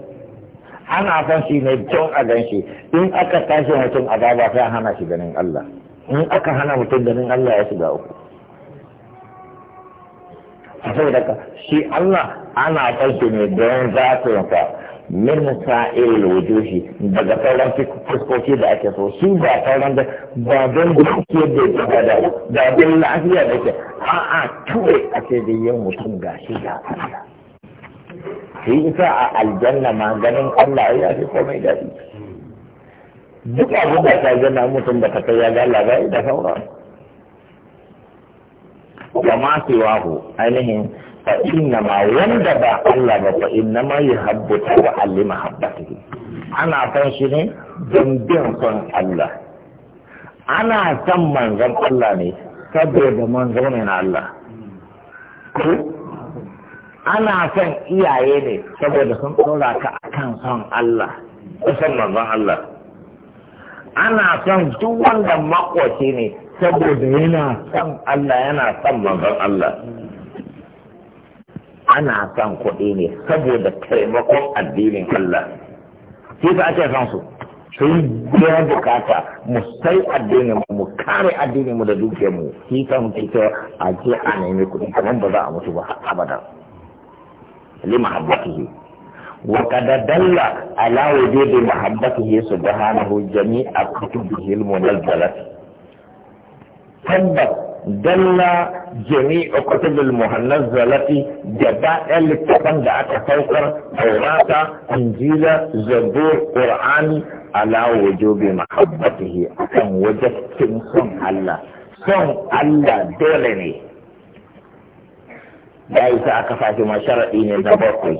ana son shi ne don azan shi in aka tashi mutum azaba sai hana shi ganin Allah in aka hana mutum ganin Allah ya shiga uku saboda ka shi Allah ana ɗauke ne don zatinsa min sa'il wujuhi daga sauran fuskoki da ake so shi ba sauran da ba don gaske da ke da da don lafiya da ke a a tuwe a ce da yin mutum ga shi ga Allah shi isa a aljanna ma ganin Allah ya fi komai daɗi duk abin da ta gana mutum ba ta kai ya ga Allah ba da sauran da ma siwahu ainihin fa innama wanda ba Allah ba fa innama yuhabbu ta wa allima habbatihi ana san shi ne don bin son Allah ana san manzon Allah ne saboda manzon ne Allah ana son iyaye ne saboda sun ɗora ka akan son Allah son manzon Allah ana son duk wanda makwace ne saboda yana son Allah yana son manzon Allah ana son kuɗi ne saboda taimakon addinin Allah shi ka ake son su sai biya bukata mu sai addinin mu mu kare addinin mu da dukiyar mu shi ta mu ce a je a nemi kuɗi kamar ba za a mutu ba abada lima kada dalla ala wajibi وجود subhanahu jami'a kutubihi al المنزله tabbas dalla jami'u kutubul muhannazzalati gaba littafan da aka saukar taurata injila zabur qur'ani ala wujubi mahabbatihi akan wajabcin son Allah son Allah dole ne ya yi sa aka fashi ma sharaɗi ne na bakwai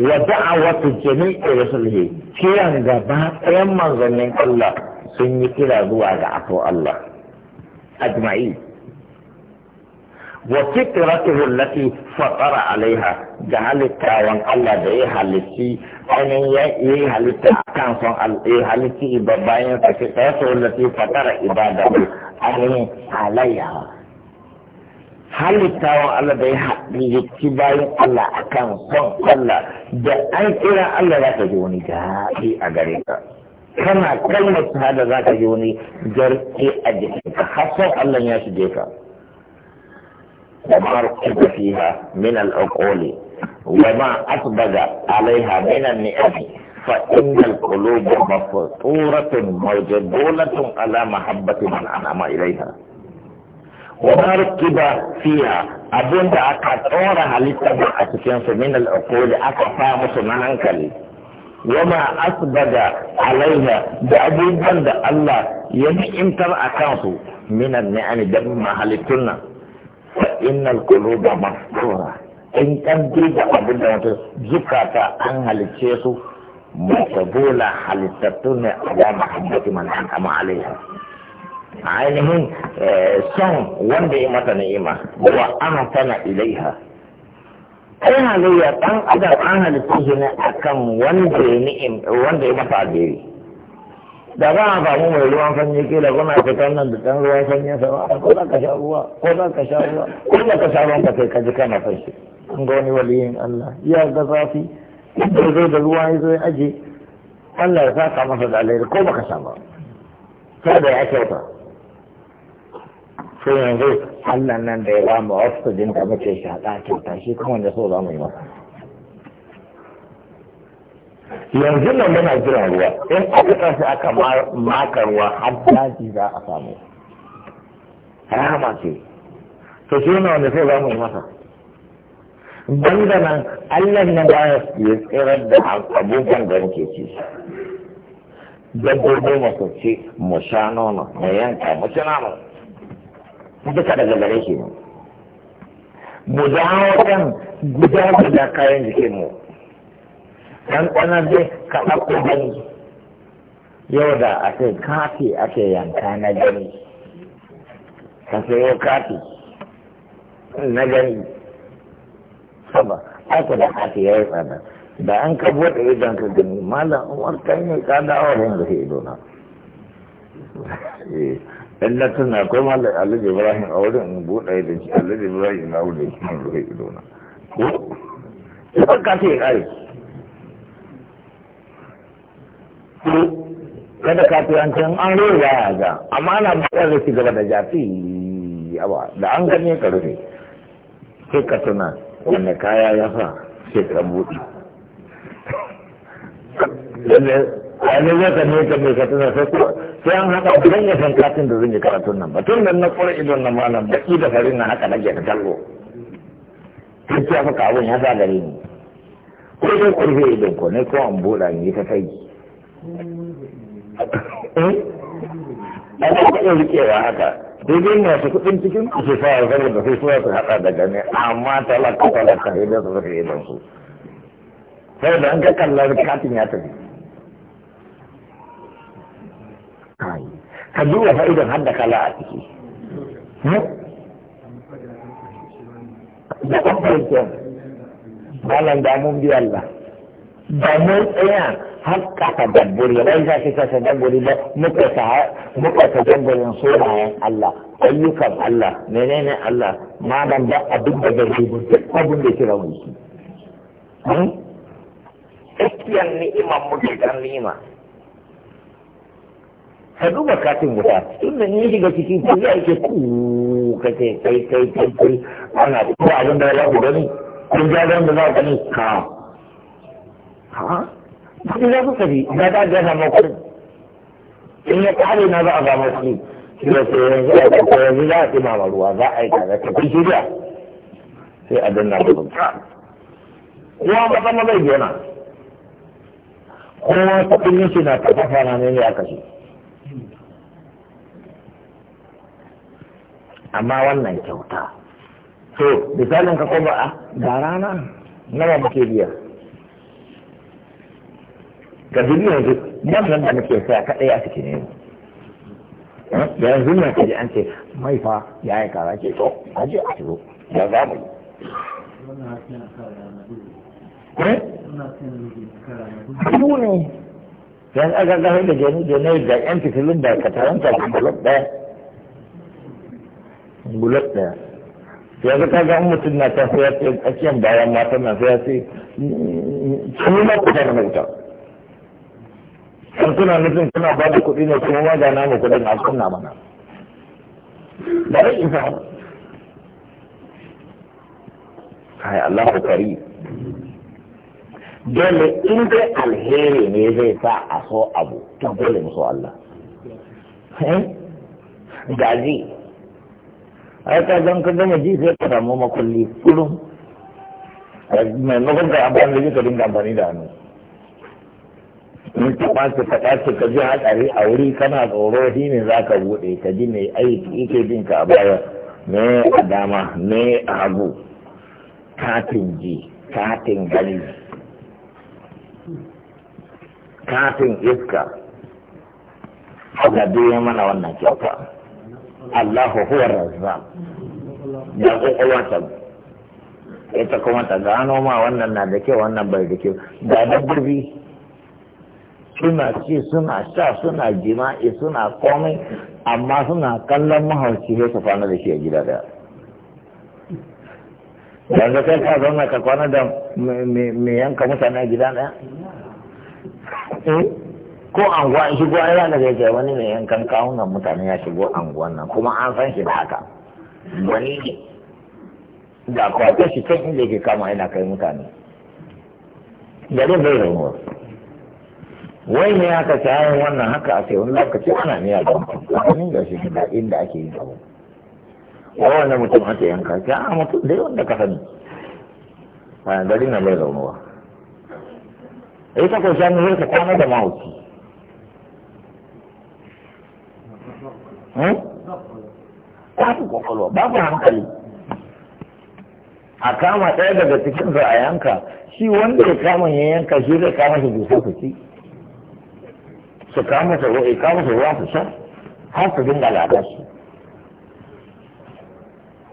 wa da'awatu jami'i rasulihi kiran gaba ɗayan manzannin Allah sun yi kira zuwa ga ato Allah أجمعين وفطرته التي فطر عليها جعلت وان الله ده يحلسي أن يحلس كان صن يحلس إبابين فطرته التي فطر عباده أن عليها wa Allah da ya haɗi bayan Allah akan son Allah da an kira Allah za ka ji wani a gare ka. kana kalmar shahada za ka ji wani garke a jikinka har sai Allah ya shige ka wa ma rukuba fiha min al-uquli wa ma asbaga alaiha min al-ni'ami fa inna al-quluba mafturatun mawjudatun ala mahabbati man anama ilayha wa ma rukuba fiha abinda aka tsora halitta a cikin su min al-uquli aka fa musu nan hankali wama asbaga alaina da abubuwan da Allah ya ni'imtar a kansu minan ni'ami da mahalittun nan fa innal quluba maftura in kan duba abin da wata zukata an halicce su mutabola halittattu ne ala mahabbati man an'ama alaiha ainihin son wanda ya mata ni'ima wa ana sana ilaiha ai halayya ɗan adam an halittu shi ne a kan wanda ya ni'im wanda ya masa alheri da ba a samu mai ruwan sanyi kila kuna fitar nan da ɗan ruwan sanyi sama ko za ka sha ruwa ko za ka sha ruwa ko za ka sha ruwan ka kai ka ji kana son shi An ga wani yin Allah ya ga zafi da zo da ruwa ya zo ya aje Allah ya saka masa da alheri ko ba ka sha ba sai da ya kyauta sai yanzu hannun nan da ya ba mu oxygen da muke shaƙa kyauta shi kuma da so za mu yi masa yanzu nan muna jiran ruwa in aka shi aka maka ruwa har daji za a samu rama ce to shi yana wanda sai za mu yi masa banda nan na nan ba ya tsirar da abubuwan da muke ci dabbobi masu ci mu sha nono mu yanka mu ci duka daga gare shi ne mu dawo kan guda guda kayan jikin mu dan kwanar dai ka ɗauko gani yau da a ce kafi ake yanka na gani ka sayo kafi na gani saba aiko da kafi ya yi tsada da an ka buɗe idan ka gani malam umar kai ne ka dawo rin da ke na in na tuna akwai malam alhaji ibrahim a wurin in buɗe da shi alhaji ibrahim na wuɗe shi man rufe ido na ko sai ka ce ai kada ka ce an can an rufe ya ga amma ana buƙatar da shi gaba da jafi yawa da an gane ka rufe sai ka tuna wanne kaya ya sa sai ka buɗe ne zai ka ne mai ka tana sai ko sai an haka ba zan iya katin da zan yi karatun nan ba tun da na kura idon na malam baki da farin na haka na ta kallo duk ya haka abin ya sa gare ni ko sai kurfe idon ko ne ko an buɗa ni ta eh? sai ana kuɗin rikewa haka daidai su kudin cikin su sa ya zama da sai suna su hada da gane amma talaka talaka idan su rufe idon su sai da an ka kalla katin ya tafi ka duba fa'idan har da kala a ciki hmm? da ke malam da mun bi Allah da mun tsaya har kafa dabbori, bai za ki kasa dabbori ba muka ta dabbarin sunayen Allah ayyukan Allah menene Allah malam ba duk da zai yi abin da kira hmm? mu tsakiyar ni'imar mutu ɗan ni'ima ka duba katin wuta tun da in shiga ciki ko zai ke ku kake kai kai kai kai ana ko abin da za ku gani kun ja da za ku gani ka ha kuɗi za ku tafi da ta ga na makon in ya kare na za a ga ba shi da sai yanzu a ɗauka yanzu za a ɗimama ruwa za a yi kaza ta shi shirya sai a danna ku ka kuma kowa matsan mazai gona kowa kuɗin shi na tafafa na ne ne a kashe amma wannan kyauta to misalin ka kuma a ga rana nawa muke biya ga dubi yanzu wannan da muke saya kaɗai a cikin yau da yanzu na ji an ce mai fa ya yi kara ce to a je a shigo da za mu yi Hannu ne, yan agagarai da jani da yan fitilun da ka taranta kuma ɗaya bulat Ya ga kaga ga mutum na ta sai ya ce bayan matan na sai ya ce kuma ma ku fara wuta kan kuna nufin kuna ba da kuɗi ne kuma ma ga namu kuɗin a kunna mana ba zai isa ba kai Allah kari dole in dai alheri ne zai sa a so abu to dole mu so Allah eh? gaji ai ka zan ka gama ji sai ka samu makulli kurum maimakon ka amfani da ka dinga amfani da hannu in ka kwace ka kwace ka ji hatsari a wuri kana tsoro shi ne za ka buɗe ka ji mai aiki yake bin ka a baya me a dama me a hagu katin ji katin gani katin iska a duk ya mana wannan kyauta Allahu huwa razzaq da kokolwa ta ita kuma ta gano ma wannan na da kyau wannan bai da kyau da dabbobi suna ci suna sha suna jima'i suna komai amma suna kallon mahaushi, sai su kwana da shi a gida daya yanzu kai ka zauna ka kwana da mai yanka mutane a gida daya eh? ko anguwa in shigo ai ranar da ya wani mai yankan kawunan mutane ya shigo anguwan nan kuma an san shi da haka wani ne da kwatar shi can inda yake kama yana kai mutane garin bai da raunuwa wai ne aka tsayin wannan haka a sai wani lokaci ana ne a gaban wani ga shi da inda ake yin abu wanda mutum ake yanka ta a ah, mutum dai wanda ka sani a garin na bai da raunuwa ita ko shanu zai ta kwana da mahauki Hmm? babu kwakwalwa babu hankali a kama ɗaya daga cikin a yanka shi wanda ya kama ya yanka shi zai kama shi dusa su ci su kama su ruwa kama su ruwa su sha har su dinga lada su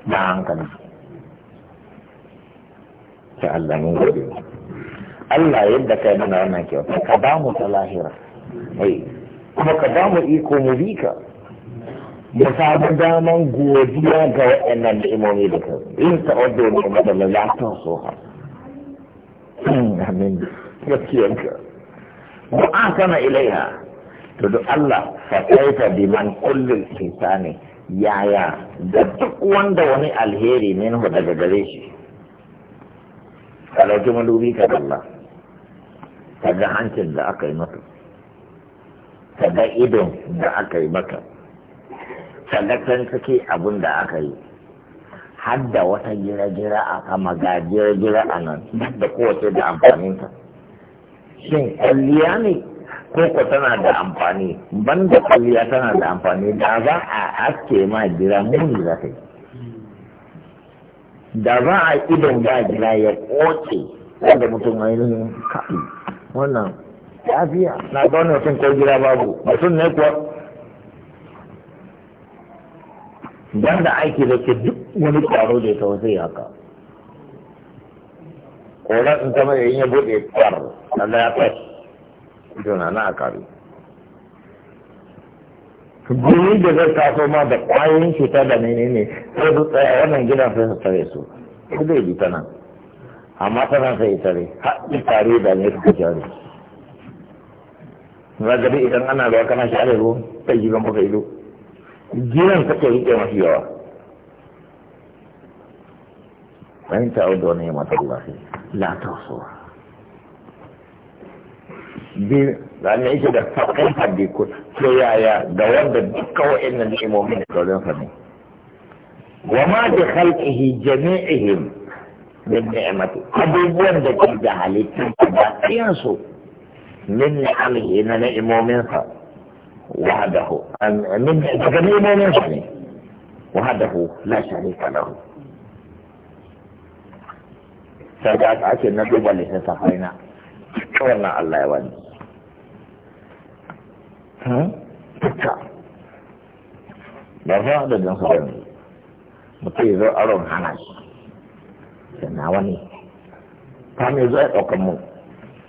ba hankali ta Allah mun gode Allah yadda kai mana wannan kyau ka ba mu ta lahira kuma ka ba mu iko mu bi ka mu samu daman godiya ga waɗannan imomi da kai in ta wadda ne kuma da lalatan so ha hmm, amin gaskiyarka mu asana ilaiha to duk Allah fa kaifa biman kullul insani yaya da duk wanda wani alheri minhu daga gare shi kalauki malubi ka Allah ka ga hancin da aka yi maka ka ga idon da aka yi maka sadakan take abin da aka yi har da wata gira-gira a kama ga gira-gira a nan da kowace da amfaninta shin kwalliya ne koko tana da amfani ban da kwalliya tana da amfani da za a aske ma gira muni za ta yi da za a idon ba gira ya koce wanda mutum ainihin kaɗi wannan ya fiya na ga wani mutum ko gira babu mutum ne kuwa dan da aiki da ke duk wani kwaro da ya tawo sai haka koran in zama yayin ya bude kwar Allah ya fas ido na na akari gumi da zai taso ma da kwayoyin cuta da ne sai su tsaya wannan gidan sai su tare su su zai bi ta nan amma tana sai tare haɗi tare da ne su jari zagabi idan ana zuwa kana shi arewa sai gidan baka ido جيران suka rike mafi yawa فإن تعودوا نعمة الله لا تحصوها دي لأن إيجا ده فقل حد يكون سيايا دوان ده دكو إن الإمومين يقولون فني وما بخلقه جميعهم من نعمته أبوان ده كده عليك ينسوا من نعمه إن الإمومين فني Wa hada ho, and da ho, Allah ya bani. Duk ta. Gasar da ɗan su zan yi. Mutu ya zo aro na hana shi. Iyana wani? Fahimu ya zo a ɗaukan mu.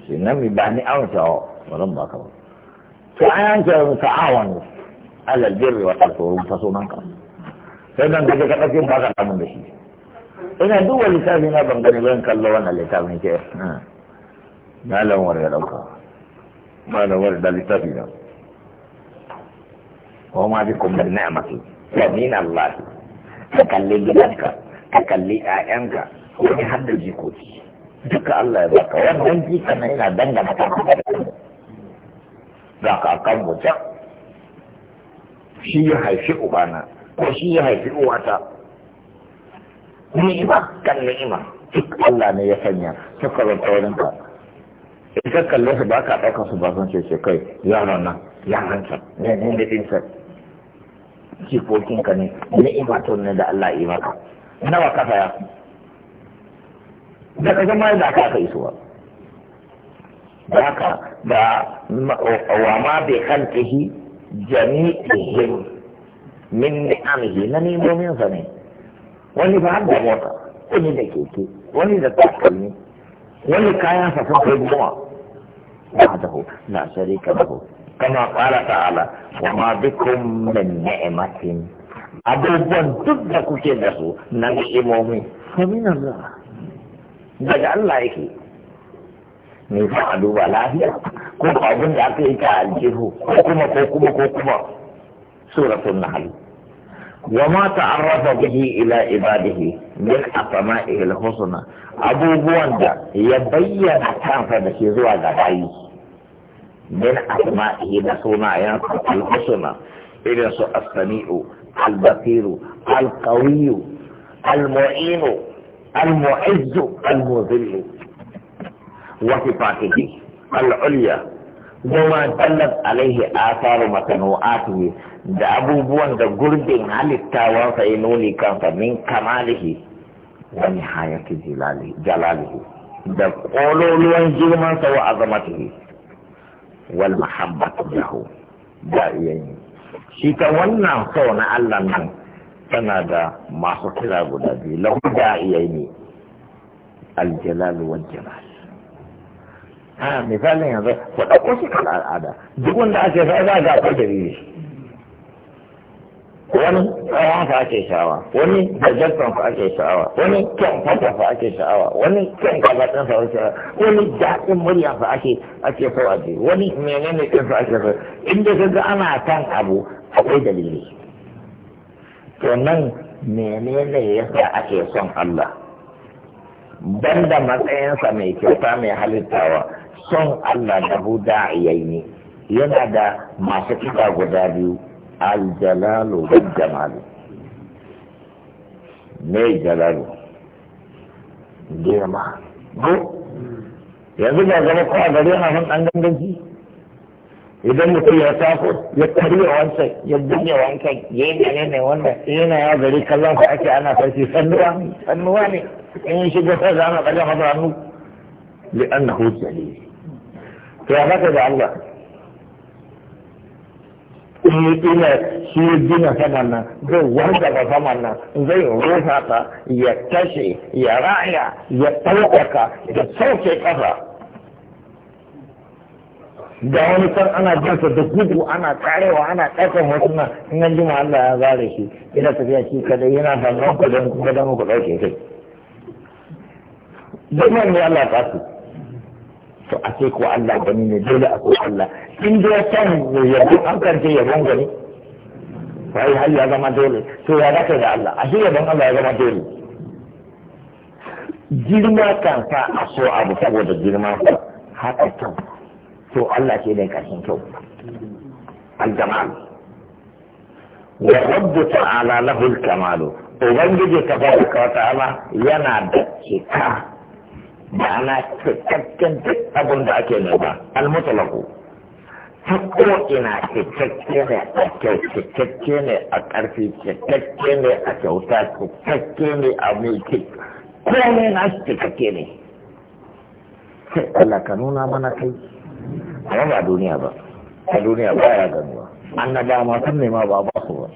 Sai na mu yi bani a wani shawo. to an yanke ka ta'awanu ah, alal birri wa taqwa ta sunan ka sai dan kaje ka dauke ba ka kamun da shi ina duba littafi na ban gani ban kallo wannan littafin ke Na hmm. malam war ya dauka malam war da littafi na wa ma bikum min ni'mati wa min Allah ka kalli gidanka ka kalli ƴaƴanka wani har jikoki duka Allah ya baka wannan jika na yana dangana ka da da kakan mu can shi ya haifi ubana ko shi ya haifi uwata ni'ima kan ni'ima duk Allah ne ya sanya suka zanta wurin ka in ka kalle su ba ka ɗauka su ba san ce kai yaron nan ya hanta ne ne da ɗin sa jikokin ka ne ni'ima to ne da Allah yi maka nawa ka da ka zama da ka su ba. haka ba wa ma bi khalqihi jami'ihim min ni'amihi na nemomin sa ne wani ba da mota wani da keke wani da takalmi wani kayan sa sun kai goma wahdahu la sharika lahu kama qala ta'ala wa ma bikum min ni'matin abubuwan duk da kuke da su na ni'imomi fa min Allah daga Allah yake me za lafiya ko abin da ko kuma ko kuma ko kuma suratul nahl وما تعرف به إلى عباده من أسمائه الحسنى أبو بواندا يبين كان فدشي زوا غاي من أسمائه لسونا الحسنى إلى السميع البصير القوي المعين المعز المذل وصفاته العليا وما دلت عليه آثار متنوعاته da abubuwan da gurbin halittawansa ya nuni kansa min kamalihi wa nihayati jalalihi da kololuwan girmansa wa azamatihi wal mahabbatu lahu da iyayi shi ta wannan sau na Allah nan tana da masu kira guda biyu lahu da iyayi aljalal wal jalal a misalin yanzu ku ɗauko shi kan al'ada duk wanda ake sa za ga akwai dalili wani tsawon ka ake sha'awa wani gajartan ka ake sha'awa wani kyan fata ka ake sha'awa wani kyan kabatin ka ake sha'awa wani daɗin murya ka ake ake so a wani menene ɗin fa ake so inda ka ga ana kan abu akwai dalili to nan menene ya sa ake son Allah banda matsayinsa mai kyauta mai halittawa son Allah da a ne yana da masu kiɗa guda biyu aljalalu da jamalu me jalalu girma ko yanzu ga gaba ko a gari a nan an ganganci idan mutum ya taso ya a wancan ya bunya wancan ya yi ne ne wanda yana ya gari kallon ka ake ana sarki sannuwa sannuwa ne in shiga sai zama kallon hannu li'annahu jalil ya haka da Allah in ina shi gina saman nan zai wanda ba saman nan zai rufa ta ya tashi, ya raya ya ɗaukaka ya sauke ƙasa Da wani san ana jinsa da gudu ana karewa ana ɗaukar hotuna in an jima Allah ya zare shi ina tafiya shi kadai yana sannan kudin kudin ku ɗauke kai. Dukkan ne Allah ya kasu. to a ce ko Allah gani ne dole a ko Allah in dai san ne yabo an ya ban gani sai har ya zama dole to ya zaka da Allah a shi ban Allah ya zama dole girma kan sa a so abu saboda girma fa haka kyau to Allah ke da kashin kyau al-jamal wa rabbu ta'ala lahu al-kamal ubangiji tabaraka wa ta'ala yana da cika ma'ana cikakken abin da ake nema almutalaku ta ko'ina cikakke ne a kyau cikakke ne a ƙarfi cikakke ne a kyauta cikakke ne a mulki kome na shi cikakke ne sai Allah ka nuna mana kai a ba duniya ba a duniya ba ya ganuwa na dama sun nema ba ba su ba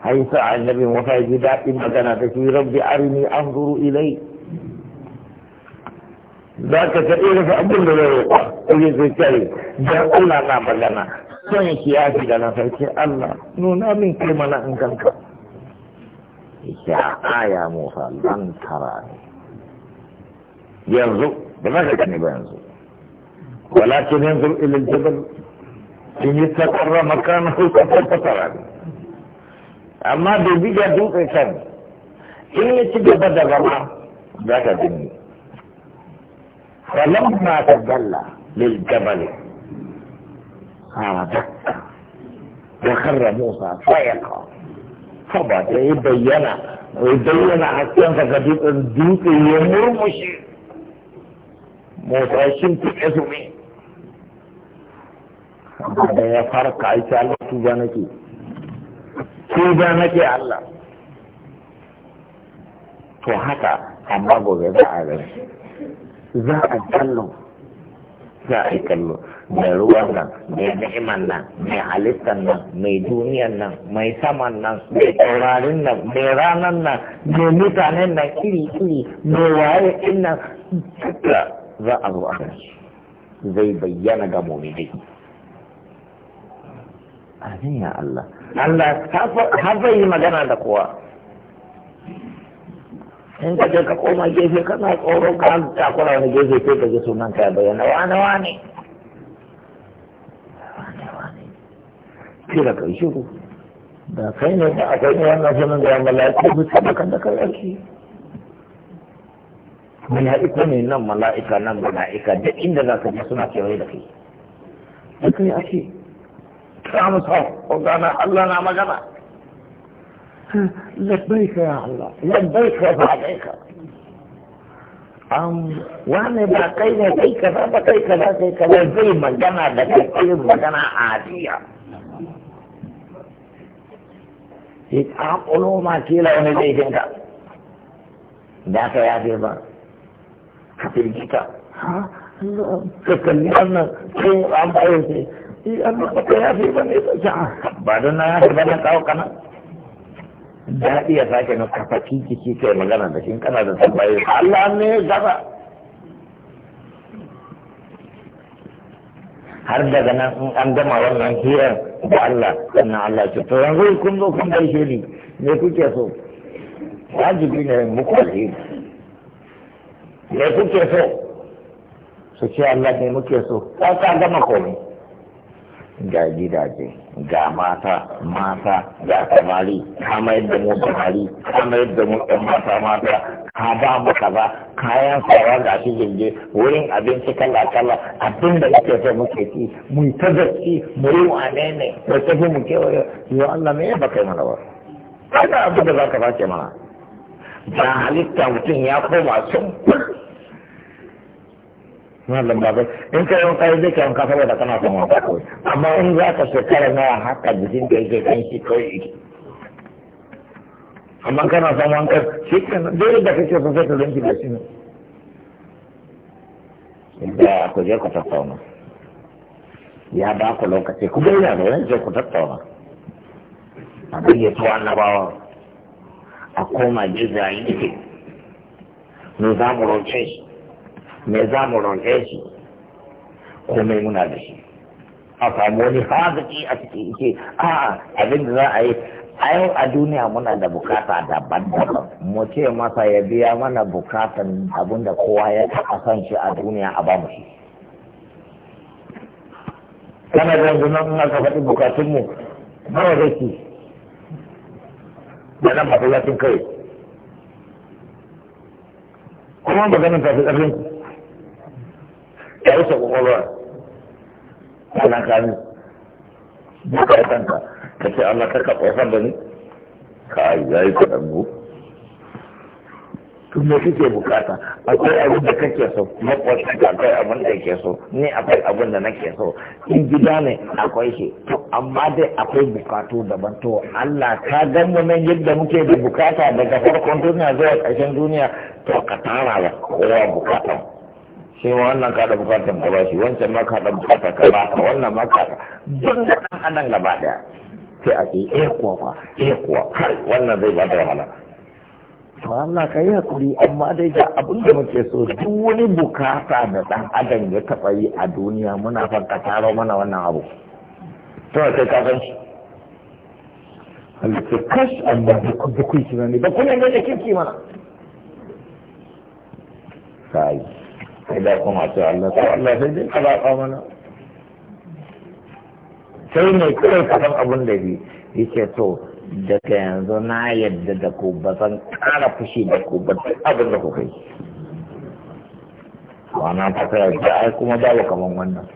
haisa annabi musa ji daɗin magana da shi rabbi arini anzuru ilai za ka ta iya da abin da zai roƙa ɗaya zai kai don Allah na magana son ki ya fi da na sarki Allah nuna min kai mana in kanka ya aya Musa lan tara ne yanzu ba za ka gani ba yanzu walakin yanzu ilil jabal in yi takarra makana hukumar <laughs> fasara ne amma bai bi ga dutse kan in yi ci gaba da zama za ka gani فلما تجلى للجبل صار دكا وخر موسى صيقا فبات يبين ويبين حسين فقديت الدوك يمرمشي موسى شمت اسمي da ya farka ai sai Allah tuba nake tuba nake Allah to haka amma gobe za a gani za a kallo za a yi kallo mai ruwan nan mai ni'iman nan mai halittar nan mai duniyan nan mai saman nan mai taurarin nan mai ranar nan mai mutanen nan iri-iri mai waye in nan za a zo a zai bayyana ga mumidai amin ya Allah Allah har zai yi magana da kowa in ka je ka koma gefe kana tsoro ka takura wani gefe sai ka ji sunan ka bayyana wane wane Kira ka kira kai shiru da kai ne ba a kai ne wannan sunan da amma lafiya ku sai kan da kai aiki mala'ika ne nan mala'ika nan mala'ika da inda za ka je suna kewaye da kai da kai ake ka musa ko gana Allah na magana labbaika ya Allah labbaika ba laika an wane ba kai ne ka za ba kai ka za kai magana da kai magana a adiya sai ka kulo ma kila wani zai da ba ka ba na ya na kanan daɗi ya sake na kafaki ciki kai magana da shin kana da tambayi Allah ne gaba har daga nan in an gama wannan hiyar da Allah sannan Allah ce to yanzu kun zo kun gaishe ni me kuke so wajibi ne muku Ne me kuke so su ce Allah ne muke so ka ka gama komai ga gidaje ga mata mata ga kamari, ka yadda da mu samari ka yadda mu mata mata ka ba mu kaza kayan sawa ga shi jirgi wurin abinci kala kala abin da kake so muke ci mu yi ta mu yi wa ne mu fi mu kewaye yau Allah me ya kai mana ba kada abin da za ka mana ba halitta mutum ya koma sun malam baba in ka yau kai zai kan ka da kana kuma wanka ko amma in za ka so kare na haka jikin da yake kan shi kawai amma kana son wanka shi kan dole da kake son sai ka zanki da shi ne da ko je ku tattauna ya ba ku lokaci ku gaya da wani je ku tattauna a na annabawa a koma gizayen ne za mu roce shi me za mu ronke shi mai muna da shi a samu wani haziki a cikin ce a'a abin da za a yi a yau a duniya muna da bukata daban-daban mu ce masa ya biya mana bukatan abin da kowa ya taɓa san shi a duniya a bamu shi kana da yanzu nan ka faɗi bukatunmu nawa zai ci da nan masallacin kai kuma maganin tafi ƙarfin ku ya wuce kwakwalwa kwanan kami ba ka yi kanka ka ce Allah ka kaɓa wasan da ni ka yi ya yi kaɗan mu tun da bukata akwai abin da kake so makwasa ga akwai abin da ke so ni akwai abin da nake so in gida ne akwai shi to amma dai akwai bukatu daban to Allah ka gan mu nan yadda muke da bukata daga farkon duniya zuwa ƙarshen duniya to ka tara da kowa bukatan shi ma wannan ka da bukatar ka bashi wancan ma ka da bukatar ka ba ka wannan ma ka don da ɗan adam gaba ɗaya sai a ce eh kuwa fa eh kuwa kai wannan zai bada wahala to Allah ka yi hakuri amma dai ga abin da muke so duk wani bukata da dan adam ya taba yi a duniya muna farka taro mana wannan abu to sai ka san shi halittu kash Allah da kun ne ba kuma ne da mana sai sai da kuma ce Allah ta Allah sai dai ka zaɓa mana sai ne kawai kasan abin da bi yake to daga yanzu na yadda da ku ba zan ƙara fushi da ku ba duk abin da ku kai wannan fasara ta ai kuma babu kaman wannan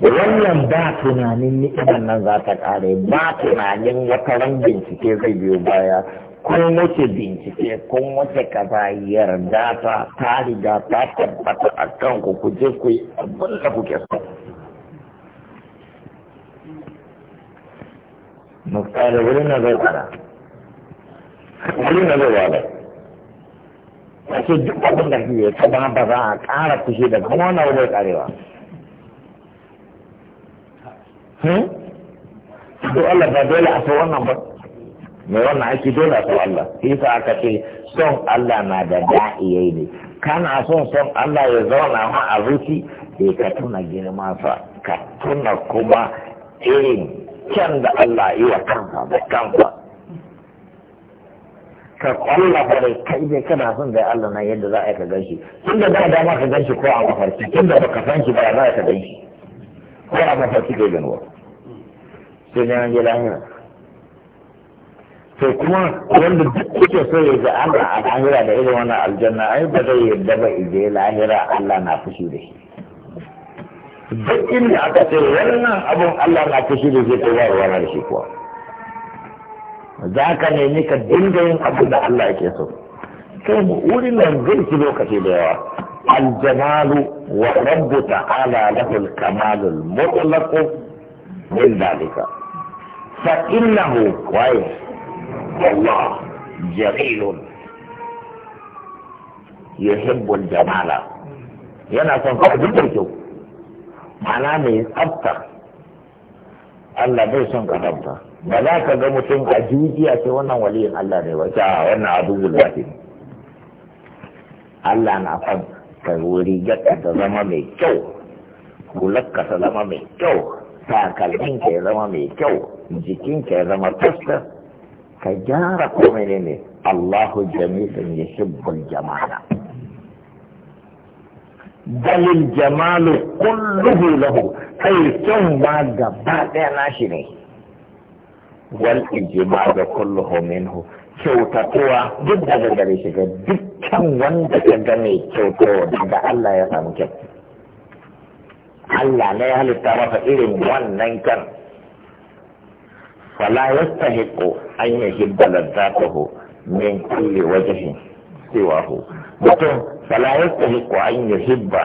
wannan ba tunanin ni'imar nan za ta ƙare ba tunanin wata ran cike zai biyo baya kun wace bincike kun wace kaza yarda ta ta riga ta tabbata a kan ku je ku yi abin da kuke so muktar wuri na zai tsara wuri na zai wala a ce duk abin da kuke ta ba ba za a ƙara kushe da kuma wani wurin karewa hmm? Allah ba dole a so wannan ba mai wannan aiki dole a Allah shi yasa aka ce son Allah na da da'iyai ne kana son son Allah ya zauna ma a zuci eh ka tuna girma sa ka tuna kuma irin can da Allah yi wa kansa da kansa ka kwalla bare kai dai kana son da Allah na yadda za a yi ka ganshi tun da ba dama ka ganshi ko a mafarki tun da ka san shi ba za ka ganshi ko a mafarki bai ganuwa sai ne an yi lahira to kuma wanda duk kuke so ya ga Allah a lahira da irin wannan aljanna ai ba zai yarda ba ije lahira Allah na fushi da shi duk inda aka ce wannan abun Allah na fushi da shi to ba ruwa da shi kuwa za ka nemi ka dinga yin abu da Allah yake so kai wurin nan zai ci lokaci da yawa aljamalu wa rabbu ta'ala lahul kamalul mutlaq min dalika fa innahu qayyim الله جميل يحب الجمال يلا تنفق بتركه معنى من أبطى الله بيسن قدمت بلا تقمتن أجوزي أتوانا ولي الله نوجا وانا عدو الله الله نعفن كوري جاك تزمى مي كو كولك تزمى مي كو تاكل منك تزمى مي كو جيكين تزمى تسلم ka gyara komai ne ne Allahu jami'in ya hibbul jama'a. dalil jamalu kulluhu lahu kai kyan ma gaba ɗaya nashi ne wal ijma da kulluhu minhu kyautatuwa duk daga gare shi ga dukkan wanda ka gane kyautawa daga Allah ya samu kyau Allah ne ya halitta masa irin wannan kan. فلا يستحق أن يجب لذاته من كل وجه سواه mutum fala ya tsaye ko an yi hibba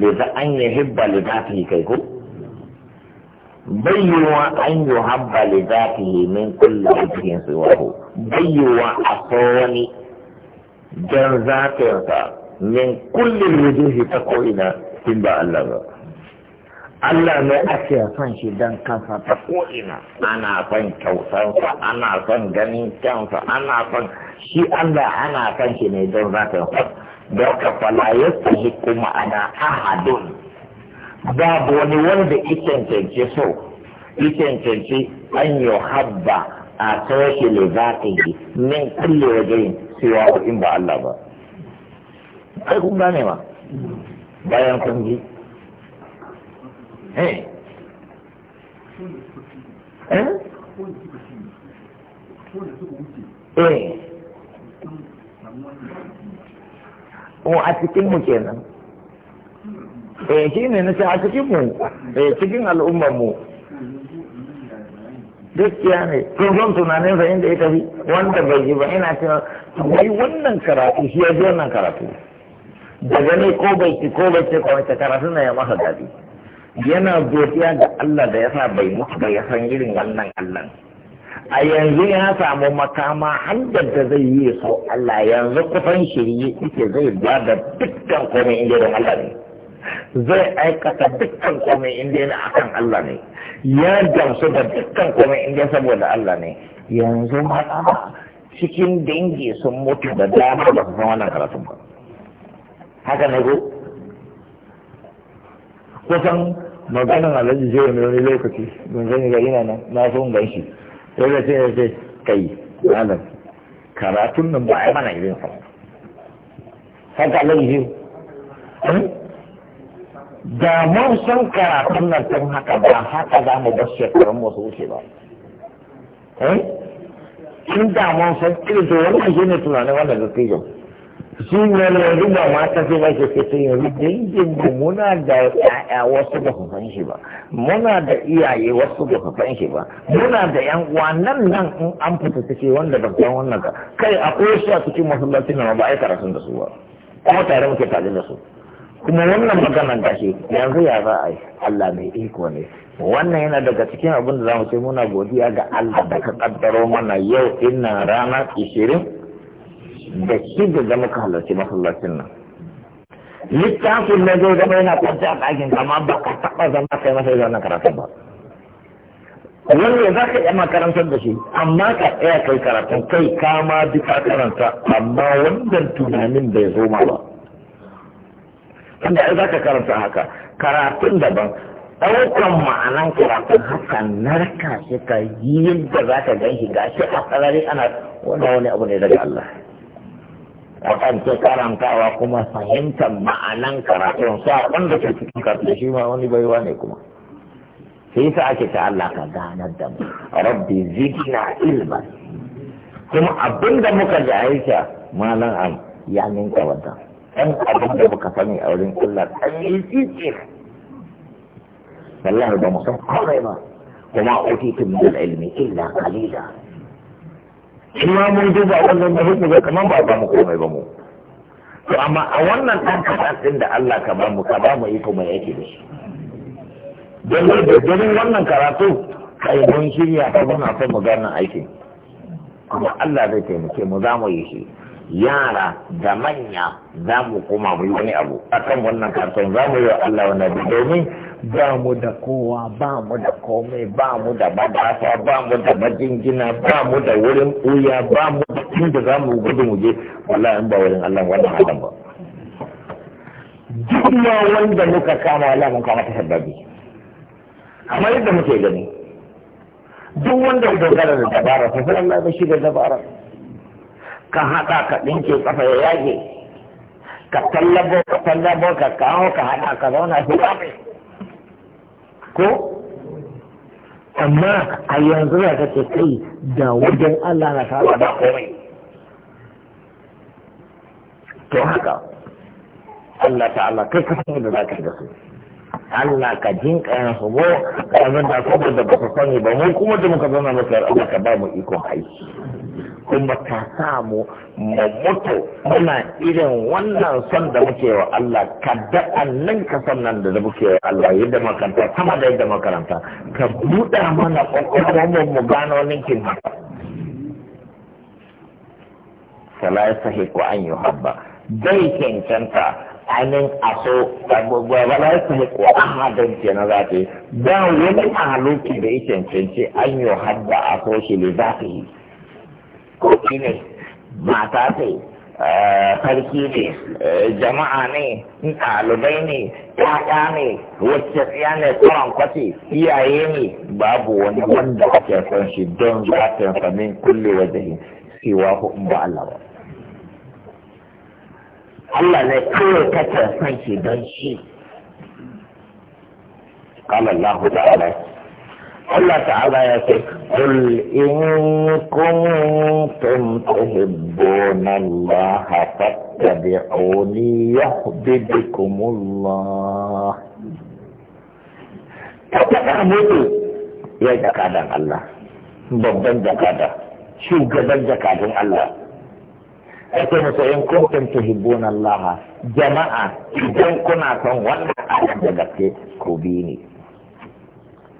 da an yi hibba da zafi kai ko bayyuwa an yi habba da zafi min kulla wajen siwahu bayyuwa a wani don zafinsa min kullum wajen ta ko'ina tun ba Allah ne ake son shi don kansa ta ko'ina ana son kyautarsa ana son ganin kyansa ana son shi Allah ana son shi ne don zafinsa don ka fala ya sahi kuma ana ahadun babu wani wanda ikenkenci so ikenkenci an yi habba a sashi le zafihi min kulle wajen siwa in ba Allah ba. Kai kun gane ma bayan kun ji. eh, eh? eh. Oh, a cikin mu kenan eh shi ne na a cikin mu eh cikin al'ummar mu ya ne sun zan tunanin sa inda ya tafi wanda bai ji ba ina cewa wai wannan karatu shi ya ji wannan karatu daga ne ko bai ci ko bai ci ko karatu na ya masa daɗi yana godiya ga Allah da yasa bai mutu ba ya san irin wannan Allah a yanzu ya samu makama hanyar da zai yi so Allah yanzu kusan shirye ike zai ba da dukkan komai inda da Allah ne zai aikata dukkan komai inda yana akan Allah ne ya gamsu da dukkan komai inda saboda Allah ne yanzu makama cikin dangi sun mutu da dama da su san wannan karatun ba haka ne ku kusan maganin alhaji zai ne wani lokaci mun zan ga ina nan na so gan shi sai da sai sai kai malam karatun nan ba a mana irin sai haka alhaji zai hmm? da mun san karatun nan tun haka ba haka za mu bar shekarun mu su wuce ba in hmm? da mun san irin to wannan shi ne tunanin wannan dattijan shi ne yanzu ba ma ta fi ke fito yanzu dangin mu muna da yaya wasu ba ku fanshi ba muna da iyaye wasu ba ku fanshi ba muna da yan uwa nan in an fita suke wanda ba san wannan ka kai akwai shi a cikin masallaci na ba ai karatun da su ba kuma tare muke tare da su kuma wannan maganar da shi yanzu ya za a yi Allah mai iko ne wannan yana daga cikin abin da za mu ce muna godiya ga Allah da ka kaddaro mana yau ina ranar ishirin da shi da zama halarci masallacin nan littafin na zai zama yana kwanci a ɗakin kama ba ka taɓa zama kai masa zanen karatun ba wanda za ka iya makarantar da shi amma ka tsaya kai karatun kai kama duka karanta amma wannan tunanin bai zo ma ba tunda ai za ka karanta haka karatun daban ɗaukan ma'anan karatun haka narka shi ka yi yadda za ka gan shi a tsarari ana wani abu ne daga Allah kwatance karantawa kuma fahimtar ma'anan karatun sa wanda ke cikin karatu shi ma wani baiwa ne kuma sai sa ake ta Allah ka ganar da mu rabbi zidna ilma kuma abin da muka ji aisha malam am ya ninka wata ɗan abin da muka sani a wurin Allah ɗan yi tsitsi wallahi ba mu san komai ba kuma utitum min al-ilmi illa qalila kuma mun duba wannan da hukumu kamar ba ba mu komai ba mu to amma a wannan ɗan kaɗan ɗin da Allah ka ba mu ka ba mu iko mai yake da shi don da dan wannan karatu kai mun shirya ka muna son mu gane aikin kuma Allah zai taimake mu za mu yi shi yara da manya za mu koma mu yi wani abu kan wannan karton za mu yi wa Allah wani abu domin ba mu da kowa ba mu da kome, ba mu da madafa ba mu da majingina ba mu da wurin ɓuya ba mu da inda za mu gudu mu je wallahi in ba wurin Allah wannan halin ba duk wanda muka kama wallahi mun kama ta sababi amma yadda muke gani duk wanda ya dogara da dabara sai Allah ba shi da dabara ka haɗa ka ɗinke kafa ya yage ka tallabo ka tallabo ka kawo ka haɗa ka zauna shi ba ko amma a yanzu za ka kai da wajen Allah na ta da komai to haka Allah ta'ala kai ka sani da zaka da su Allah ka jin kayan su mu ka zan da ba su sani ba mu kuma da muka zauna maka Allah ka ba mu ikon aiki kuma ta samu mu mutu muna irin wannan son da muke wa Allah kadda annan ka son nan da muke wa Allah yadda makaranta sama da yadda makaranta ka buɗa mana ƙwaƙwaron mu mu gano ninkin haka fala sahi ko an yi habba zai cancanta ainihin aso na yasa sahi ko an haɗa ke na zafi don wani mahaluki da ya cancanci an yi hadda a so shi da zafi koki ne mata ce eh, sarki ne eh, jama'a ne ɗalibai ne ƴaƴa ne wacce tsaya ne tsoron kwace iyaye ne babu wani wanda ake son shi don zafin sa min kulle ne siwa ko in ba Allah ba Allah ne kawai kake son shi don shi قال ta'ala تعالى الله تعالى يقول قل إن كنتم تحبون babban jakada shugaban jakadun Allah ake musu in kuntum tuhibbuna Allah jama'a idan kuna son wannan Allah gaske ku bi ni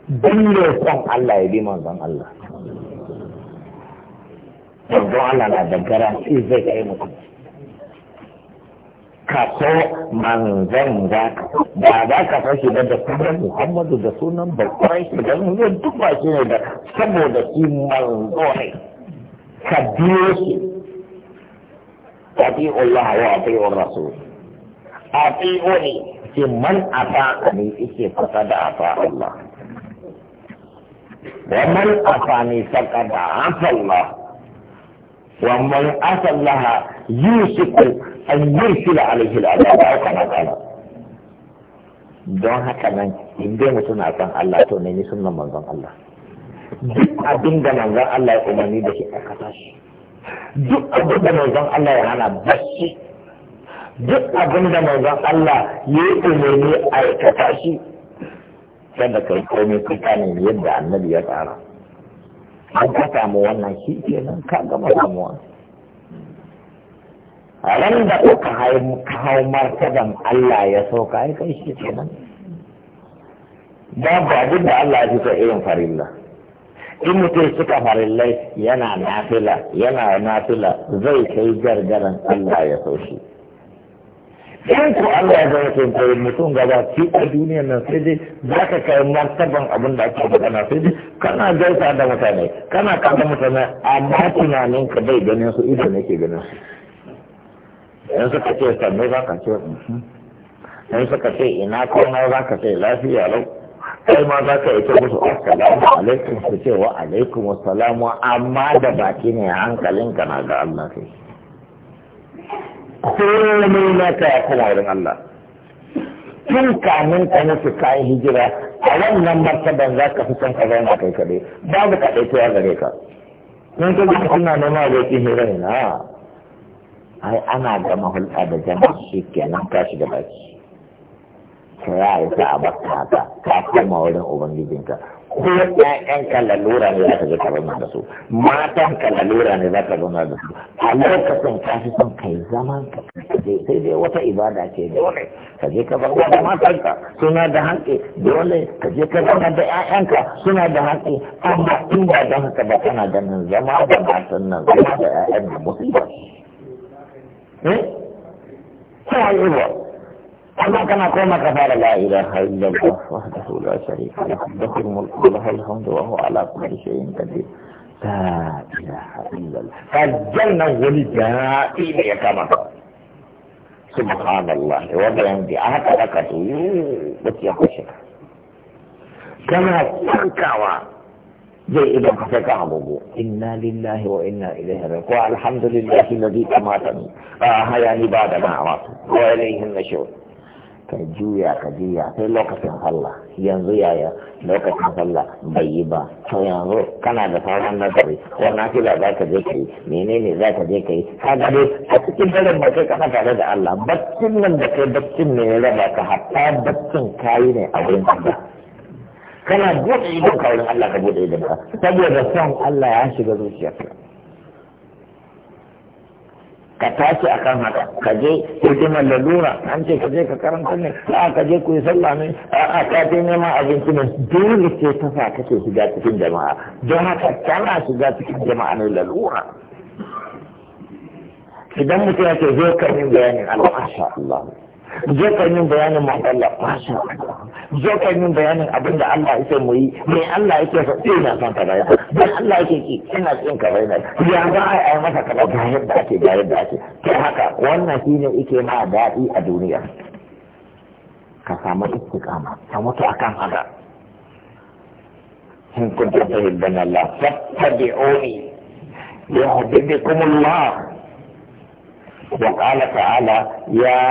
don ne son Allah ya bi manzon Allah manzon Allah na dangara shi zai kai mutum ka so manzon za ka ba za ka so shi da sunan Muhammadu da sunan Bakwarai shi da sunan duk ba shi ne da saboda shi manzo ne ka biyo shi A أطيعوا الله وأطيعوا الرسول أطيعوني في من أطاعني إيه فقد أطاع الله ومن أفاني فقد عفى الله ومن عفى الله يوشك أن يرسل عليه العذاب أو كما قال don haka nan in dai mutum na san Allah to ne sunan manzon Allah duk abin da manzon Allah ya umarni da shi aka shi duk abin da manzon Allah ya hana bashi duk abin da manzon Allah ya yi umarni aikata shi kada ka yi komai kuka yadda annabi ya tsara an ka samu wannan shi ke nan ka gama samuwa a ran da ka hau martaban Allah ya so ka kai shi ke nan babu abin da Allah ya fi so irin farilla in mutum suka farillai yana nafila yana nafila zai kai gargaran Allah ya so shi in ku Allah ya zama kun mutum gaba ki a duniyar nan sai dai za ka kai martaban abin da ake magana sai dai kana gaisa da mutane kana kada mutane amma tunanin ka bai ganin su ido nake ganin su in suka ce sannu za ka ce in mhm. suka ce ina kona za ka ce lafiya lau kai ma za ka yi ce musu assalamu alaikum su ce wa alaikum assalamu amma da baki ne hankalinka na ga Allah sai komai na ta ya kuma irin Allah tun kamin ka nufi kayan hijira a wannan martaban za ka fi san ka zauna kai kaɗai babu ka ɗaituwa gare ka in ka ji suna nema abokin hira ne na ai ana gama hulɗa da jama'a shi kenan ka shiga baki ta ya yi ta a bakka haka ka koma wurin ubangijinka ko ka lalura ne za ka je ka zauna da su matanka lalura ne za ka zauna da su a lokacin ka fi son kai zaman ka sai dai wata ibada ce dole ka je ka zauna da ka suna da haƙƙi dole ka je ka zauna da ƴaƴanka suna da haƙƙi amma in ba don haka ba kana ganin zama da matan nan zama da ƴaƴan da musulman. Eh? Ta yi ba. أما كما قوم كفار لا إله إلا الله وحده لا شريك له له الملك وله الحمد وهو على كل شيء قدير لا إله إلا الله فالجنة والجائل كما سبحان الله وبين وبحمده هكذا كتير وتيخشك كما تنكوا زي إذا كفك عبوه إنا لله وإنا إليه راجعون الحمد لله الذي أماتني آه يعني بعد ما أمات وإليه النشور ka juya ka juya sai lokacin sallah yanzu yaya lokacin sallah bai yi ba to yanzu kana da sauran nazari ko na fila za ka je ka yi menene za ka je ka yi ka gado a cikin daren ba kai kana tare da Allah baccin nan da kai baccin ne ya raba ka hatta baccin kayi ne a wurin ka kana buɗe idan ka wurin Allah ka buɗe idan ka saboda son Allah ya shiga zuciyarka ka tashi a kan haka ka je hidimar lalura an ce ka je ka karanta ne a ka je ku yi sallah ne a ka je neman abinci ne dole ce ta sa kake shiga cikin jama'a don haka kana shiga cikin jama'a ne lalura idan mutum ya ce zo ka min bayanin Allah masha Allah zo ka min bayanin matsala masha zo ka min bayanin abin da Allah yake mu yi me Allah yake so na san ka bayan dan Allah yake ki ina son ka bayan ya ba ai ai masa kaza ga yadda ake ga yadda ake kai haka wannan shine yake ma daɗi a duniya ka samu istiqama ka mutu akan haka in kuntum tuhibbuna Allah fattabi'uni yuhibbukum Allah وقال تعالى يا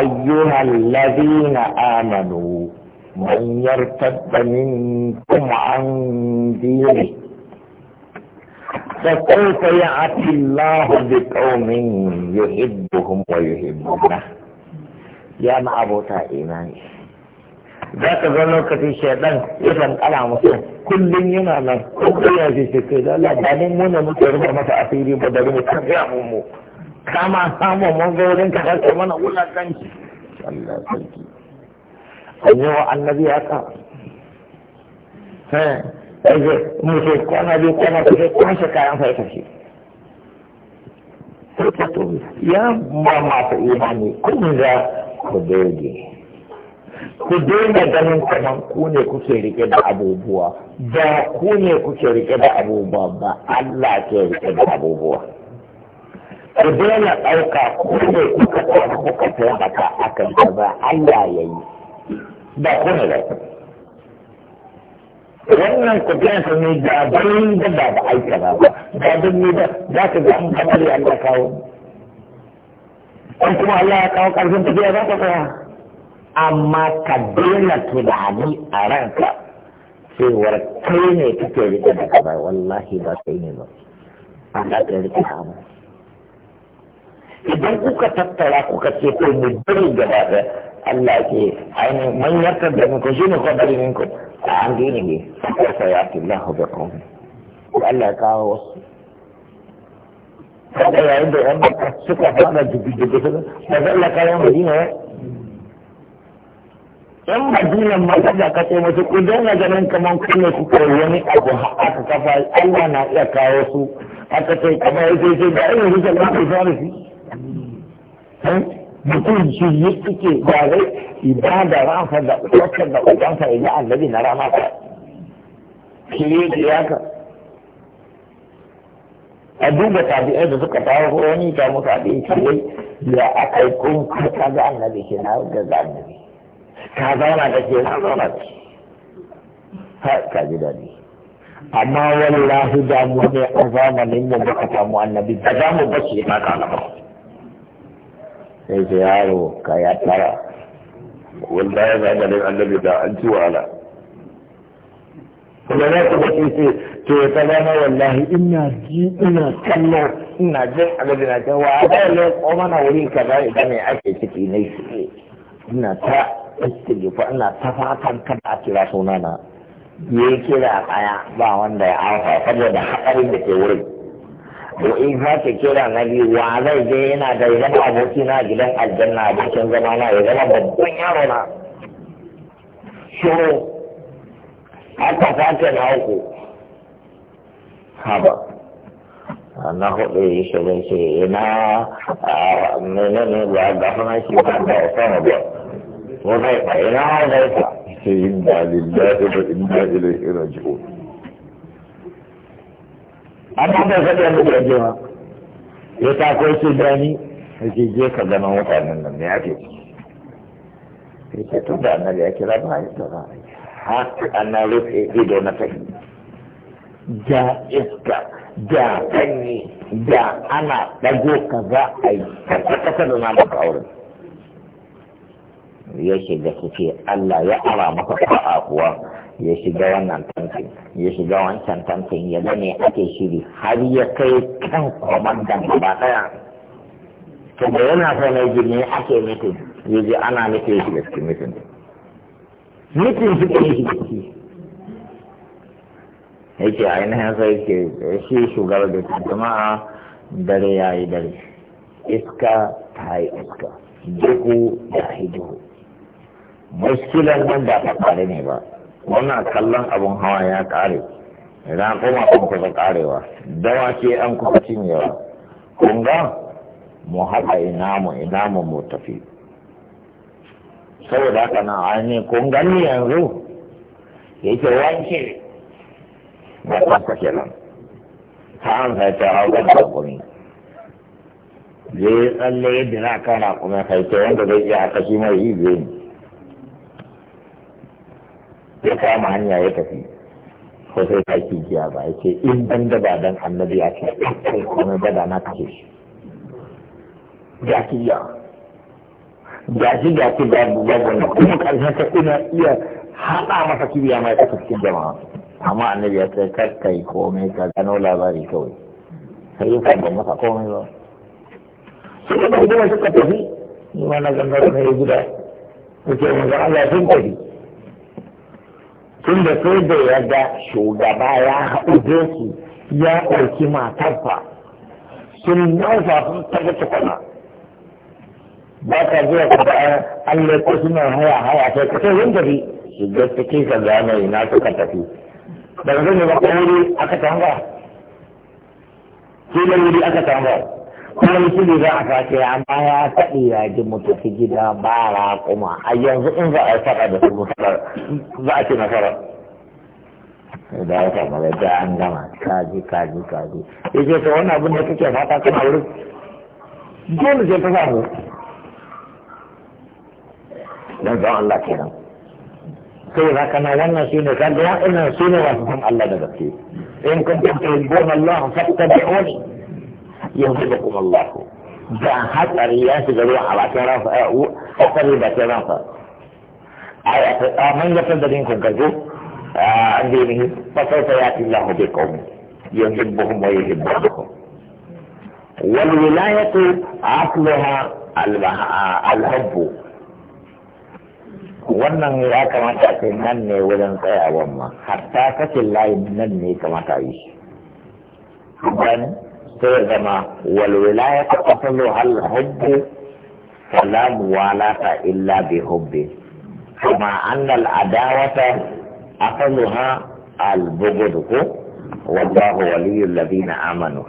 أيها الذين آمنوا من يرتد منكم عن دينه فسوف يأتي الله بقوم يحبهم ويحبونه يا معبوتا إيماني za ka zo lokacin shaidan yakan kala musu kullum yana nan kullum ya ce ce kai lalata ba mun muna muke rufe masa asiri ba da ta mu kama samun manzorin ka kake mana wula Allah sarki an yi wa annabi haka ɗaje eh, mutu kwana biyu kwana kusa kwashe kayan faitashi ya ma masu imani kun ga ku doge ku daina ganin kaman ku ne kuke rike da abubuwa ba ku ne kuke rike da abubuwa ba Allah ke rike da abubuwa ku daina ɗauka ko ne kuka tsaya kuka taimaka a kan kaza Allah ya yi ba ku ne ba wannan ku daina ne da bayan da ba da aika ba ba don ne ba za ka ga an kamar ya Allah kawo an kuma Allah ya kawo ƙarfin tafiya za ka tsaya amma ka daina tunani a ranka cewar kai ne kake rike da ka ba wallahi ba kai ne ba Allah ka rike hamu idan kuka tattara kuka ce ko mu bari gaba da Allah ke ainihin man da muku shi ne ko bari minku a an dini ne ko ya fi lahu da kun Allah ya kawo kada ya da yan suka fara jibi-jibi suka ba zai Allah yi madina yan madinan ma kada ka ce musu ku daina ganin kamar kunne kuka wani abu aka kafa Allah na iya kawo su aka ce kamar yake ce da irin hujjar ku fara shi Eh? mutum shi ne suke gare ibada ranka da ɗaukar da ƙwaƙwansa ya yi annabi na rama ka shirye da yaka a duba tabi'ai da suka tawo ko wani ta musu abin shirye da aka yi kun ka ga annabi ke na ga annabi ka zauna da ke na zauna da ha ka ji daɗi amma wallahi damuwa ne a zamanin mu ka samu annabi da za mu bace ka ba. sai ce yaro ka ya tara wanda ya zaga da annabi da an ci wahala kuma za ku baki ce to ta zama wallahi ina ji ina kallo ina jin agaji na ce wa da ne kuma mana wurin kaza idan ne ake ciki ne shi ina ta istighfar ina ta fatan kada a kira sunana ya kira a kaya ba wanda ya aka saboda hadarin da ke wurin to in haka kira na biyu wa zai je yana da ya zama aboki na gidan aljanna a abokin zama na ya zama babban yaro na shiru haka sake na uku haba na hudu yi shirin ce ina mene ba ga fana shi ba da osama ba ko zai fa ina zai fa sai yin da lillahi da inna ilaihi raji'un an ba da faɗi an da jewa ya ta ko ce gani yake je ka gano mutanen nan ne ake ke ce to da annabi ya kira ba ya ba har annabi rufe ido na tafi da iska da sanyi da ana ɗago ka za a yi kasa da na maka auren ya shiga su Allah ya ara maka fa'a kuwa ya shiga wannan tantin ya shiga wancan tantin ya gane ake shiri har ya kai kan kwamandan gaba daya to da yana so na jirgin ake mitin ya je ana nufin shi gaske mitin mitin suka yi shi gaske yake ainihin sai ke shi shugabar da jama'a dare ya yi dare iska ta yi iska duhu ya yi duhu muskilan nan ba ta ne ba wannan kallon abin hawa ya kare idan koma kun kusa karewa dawa ce an kusa cinyewa kun ga mu haɗa ina mu ina mu mu tafi saboda haka na ainihin kun gani yanzu yake wanke ba kanka nan ta an sai ta hau da rakumi zai tsalle yadda na kana kuma sai ta wanda zai iya kashi mai yi biyu ya kama hanya ya tafi ko sai ta ki giya ba ya ce in ban da ba dan annabi ya ce kai kuma ba da na kashe shi ya ki giya ya ki ya ki ba bu ba kuma karshen ta ina iya haɗa masa kibiya mai ta cikin jama'a amma annabi ya ce kar kai komai ka gano labari kawai sai yi kan masa komai ba sai da goma masu tafi ni ma na gangar na ya guda ya ce mun ga Allah sun tafi inda sai da ya ga shugaba ya haɗu su ya ɗauki matarsa sun nausa sun taɓa tukuna ba ka zuwa ka da an leƙo suna haya haya sai ka sai yin gari shiga cikin ka gane na suka tafi daga zai ne ba ka wuri aka tanga ke da wuri aka tanga kuma shi ne za a sace amma ya faɗi ya ji mutu ta gida bara kuma a yanzu in za a faɗa da su za a ci nasara da ya kama da da an gama kaji kaji kaji ya ce ta wani abin da kake fata kana wurin dole sai ta samu dan zan Allah kenan sai za ka na wannan shi ne kaga wa'annan su ne masu san Allah da gaske in kuntum tuhibbuna Allah fattabi'uni ينفذكم الله ده حتى رياس جروح على كرافة أقرب كرافة من آه، آه، يفند منكم كذو آه، عندينه فسوف يأتي الله بكم يحبهم ويحبونكم والولاية أصلها الحب wannan ya kamata a kai nan ne wajen tsayawan ma hatta kashin layin nan ne kamata تغنى والولاية تصلها الحب فلا موالاة إلا بحب كما أن العداوة أصلها البغض والله ولي الذين آمنوا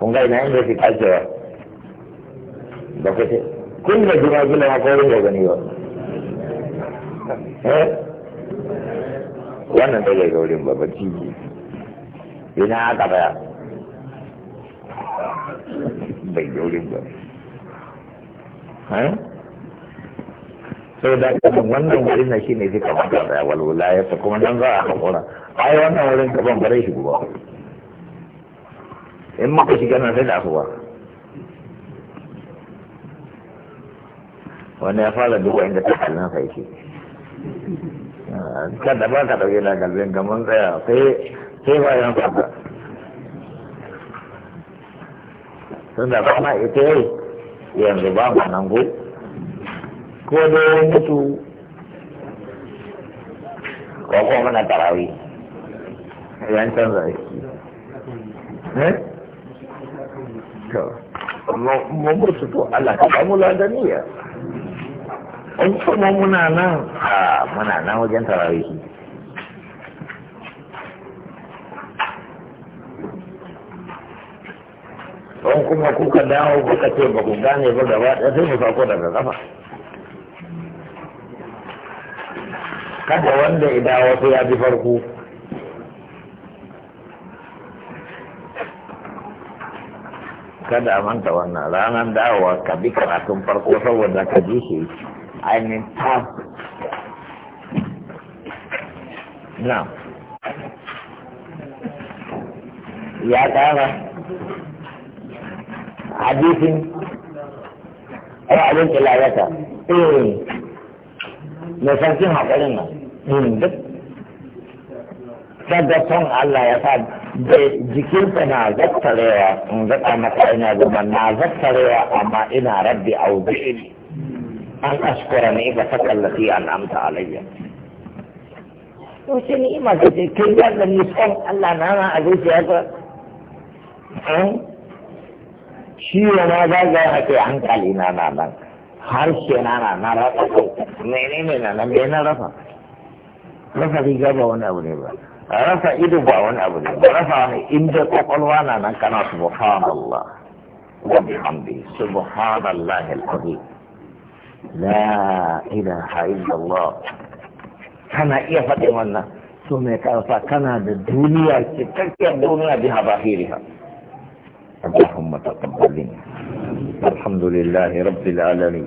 كنغاي نايم في كاجو دوكيتي كل ما جينا جينا ما قولين غنيو ها وانا نتجي قولين بابا تيجي بنا عقبها bai gaurin ba sau da kuma wannan wurin na shine fi kama da walwala ya ta kuma nan za a haƙura ai wannan wurin ka ban bare shi ba in maka shiga nan sai da afuwa wani ya fara duba da ta halin sa yake kada ba ka ɗauke da galibin gaman tsaya sai bayan fata tunda kuma ita yau yanzu ba mu nan go ko dai mutu ko ko mana tarawi yan canza aiki eh mutu to Allah ka mu ladaniya in kuma muna nan a muna nan wajen tarawihi kuma kuka dawo kuka ce ba ku gane ba gaba ɗaya sai mu sako daga kafa kada wanda ya dawo sai ya bi farko kada a manta wannan ranar dawowa ka bi karatun farko saboda ka ji shi ainihin ta na ya ƙara hadisin ra'ayin ilayata eh mai sarkin haƙarin nan hmm, duk sadda son Allah ya sa da jikinsa na zattarewa in zaɗa maka ina goma na zattarewa amma ina rabbi auzi'ini an ashkura ne ba ta kallafi an amta alayya to shi ni'ima ta ce kai ya ni son Allah na na a zuciyarsa hmm? ciwo na zagaya na ce hankali na na nan harshe na na na rasa mene ne na nan bai na rasa rasa riga ba wani abu ne ba rasa ido ba wani abu ne ba rasa wani inda kwakwalwa na nan kana subhanallah wa bihamdi subhanallah al-azim la ilaha illallah kana iya faɗin wannan so me karfa kana da duniya cikakkiyar duniya biha bahiriha اللهم تقبل الحمد لله رب العالمين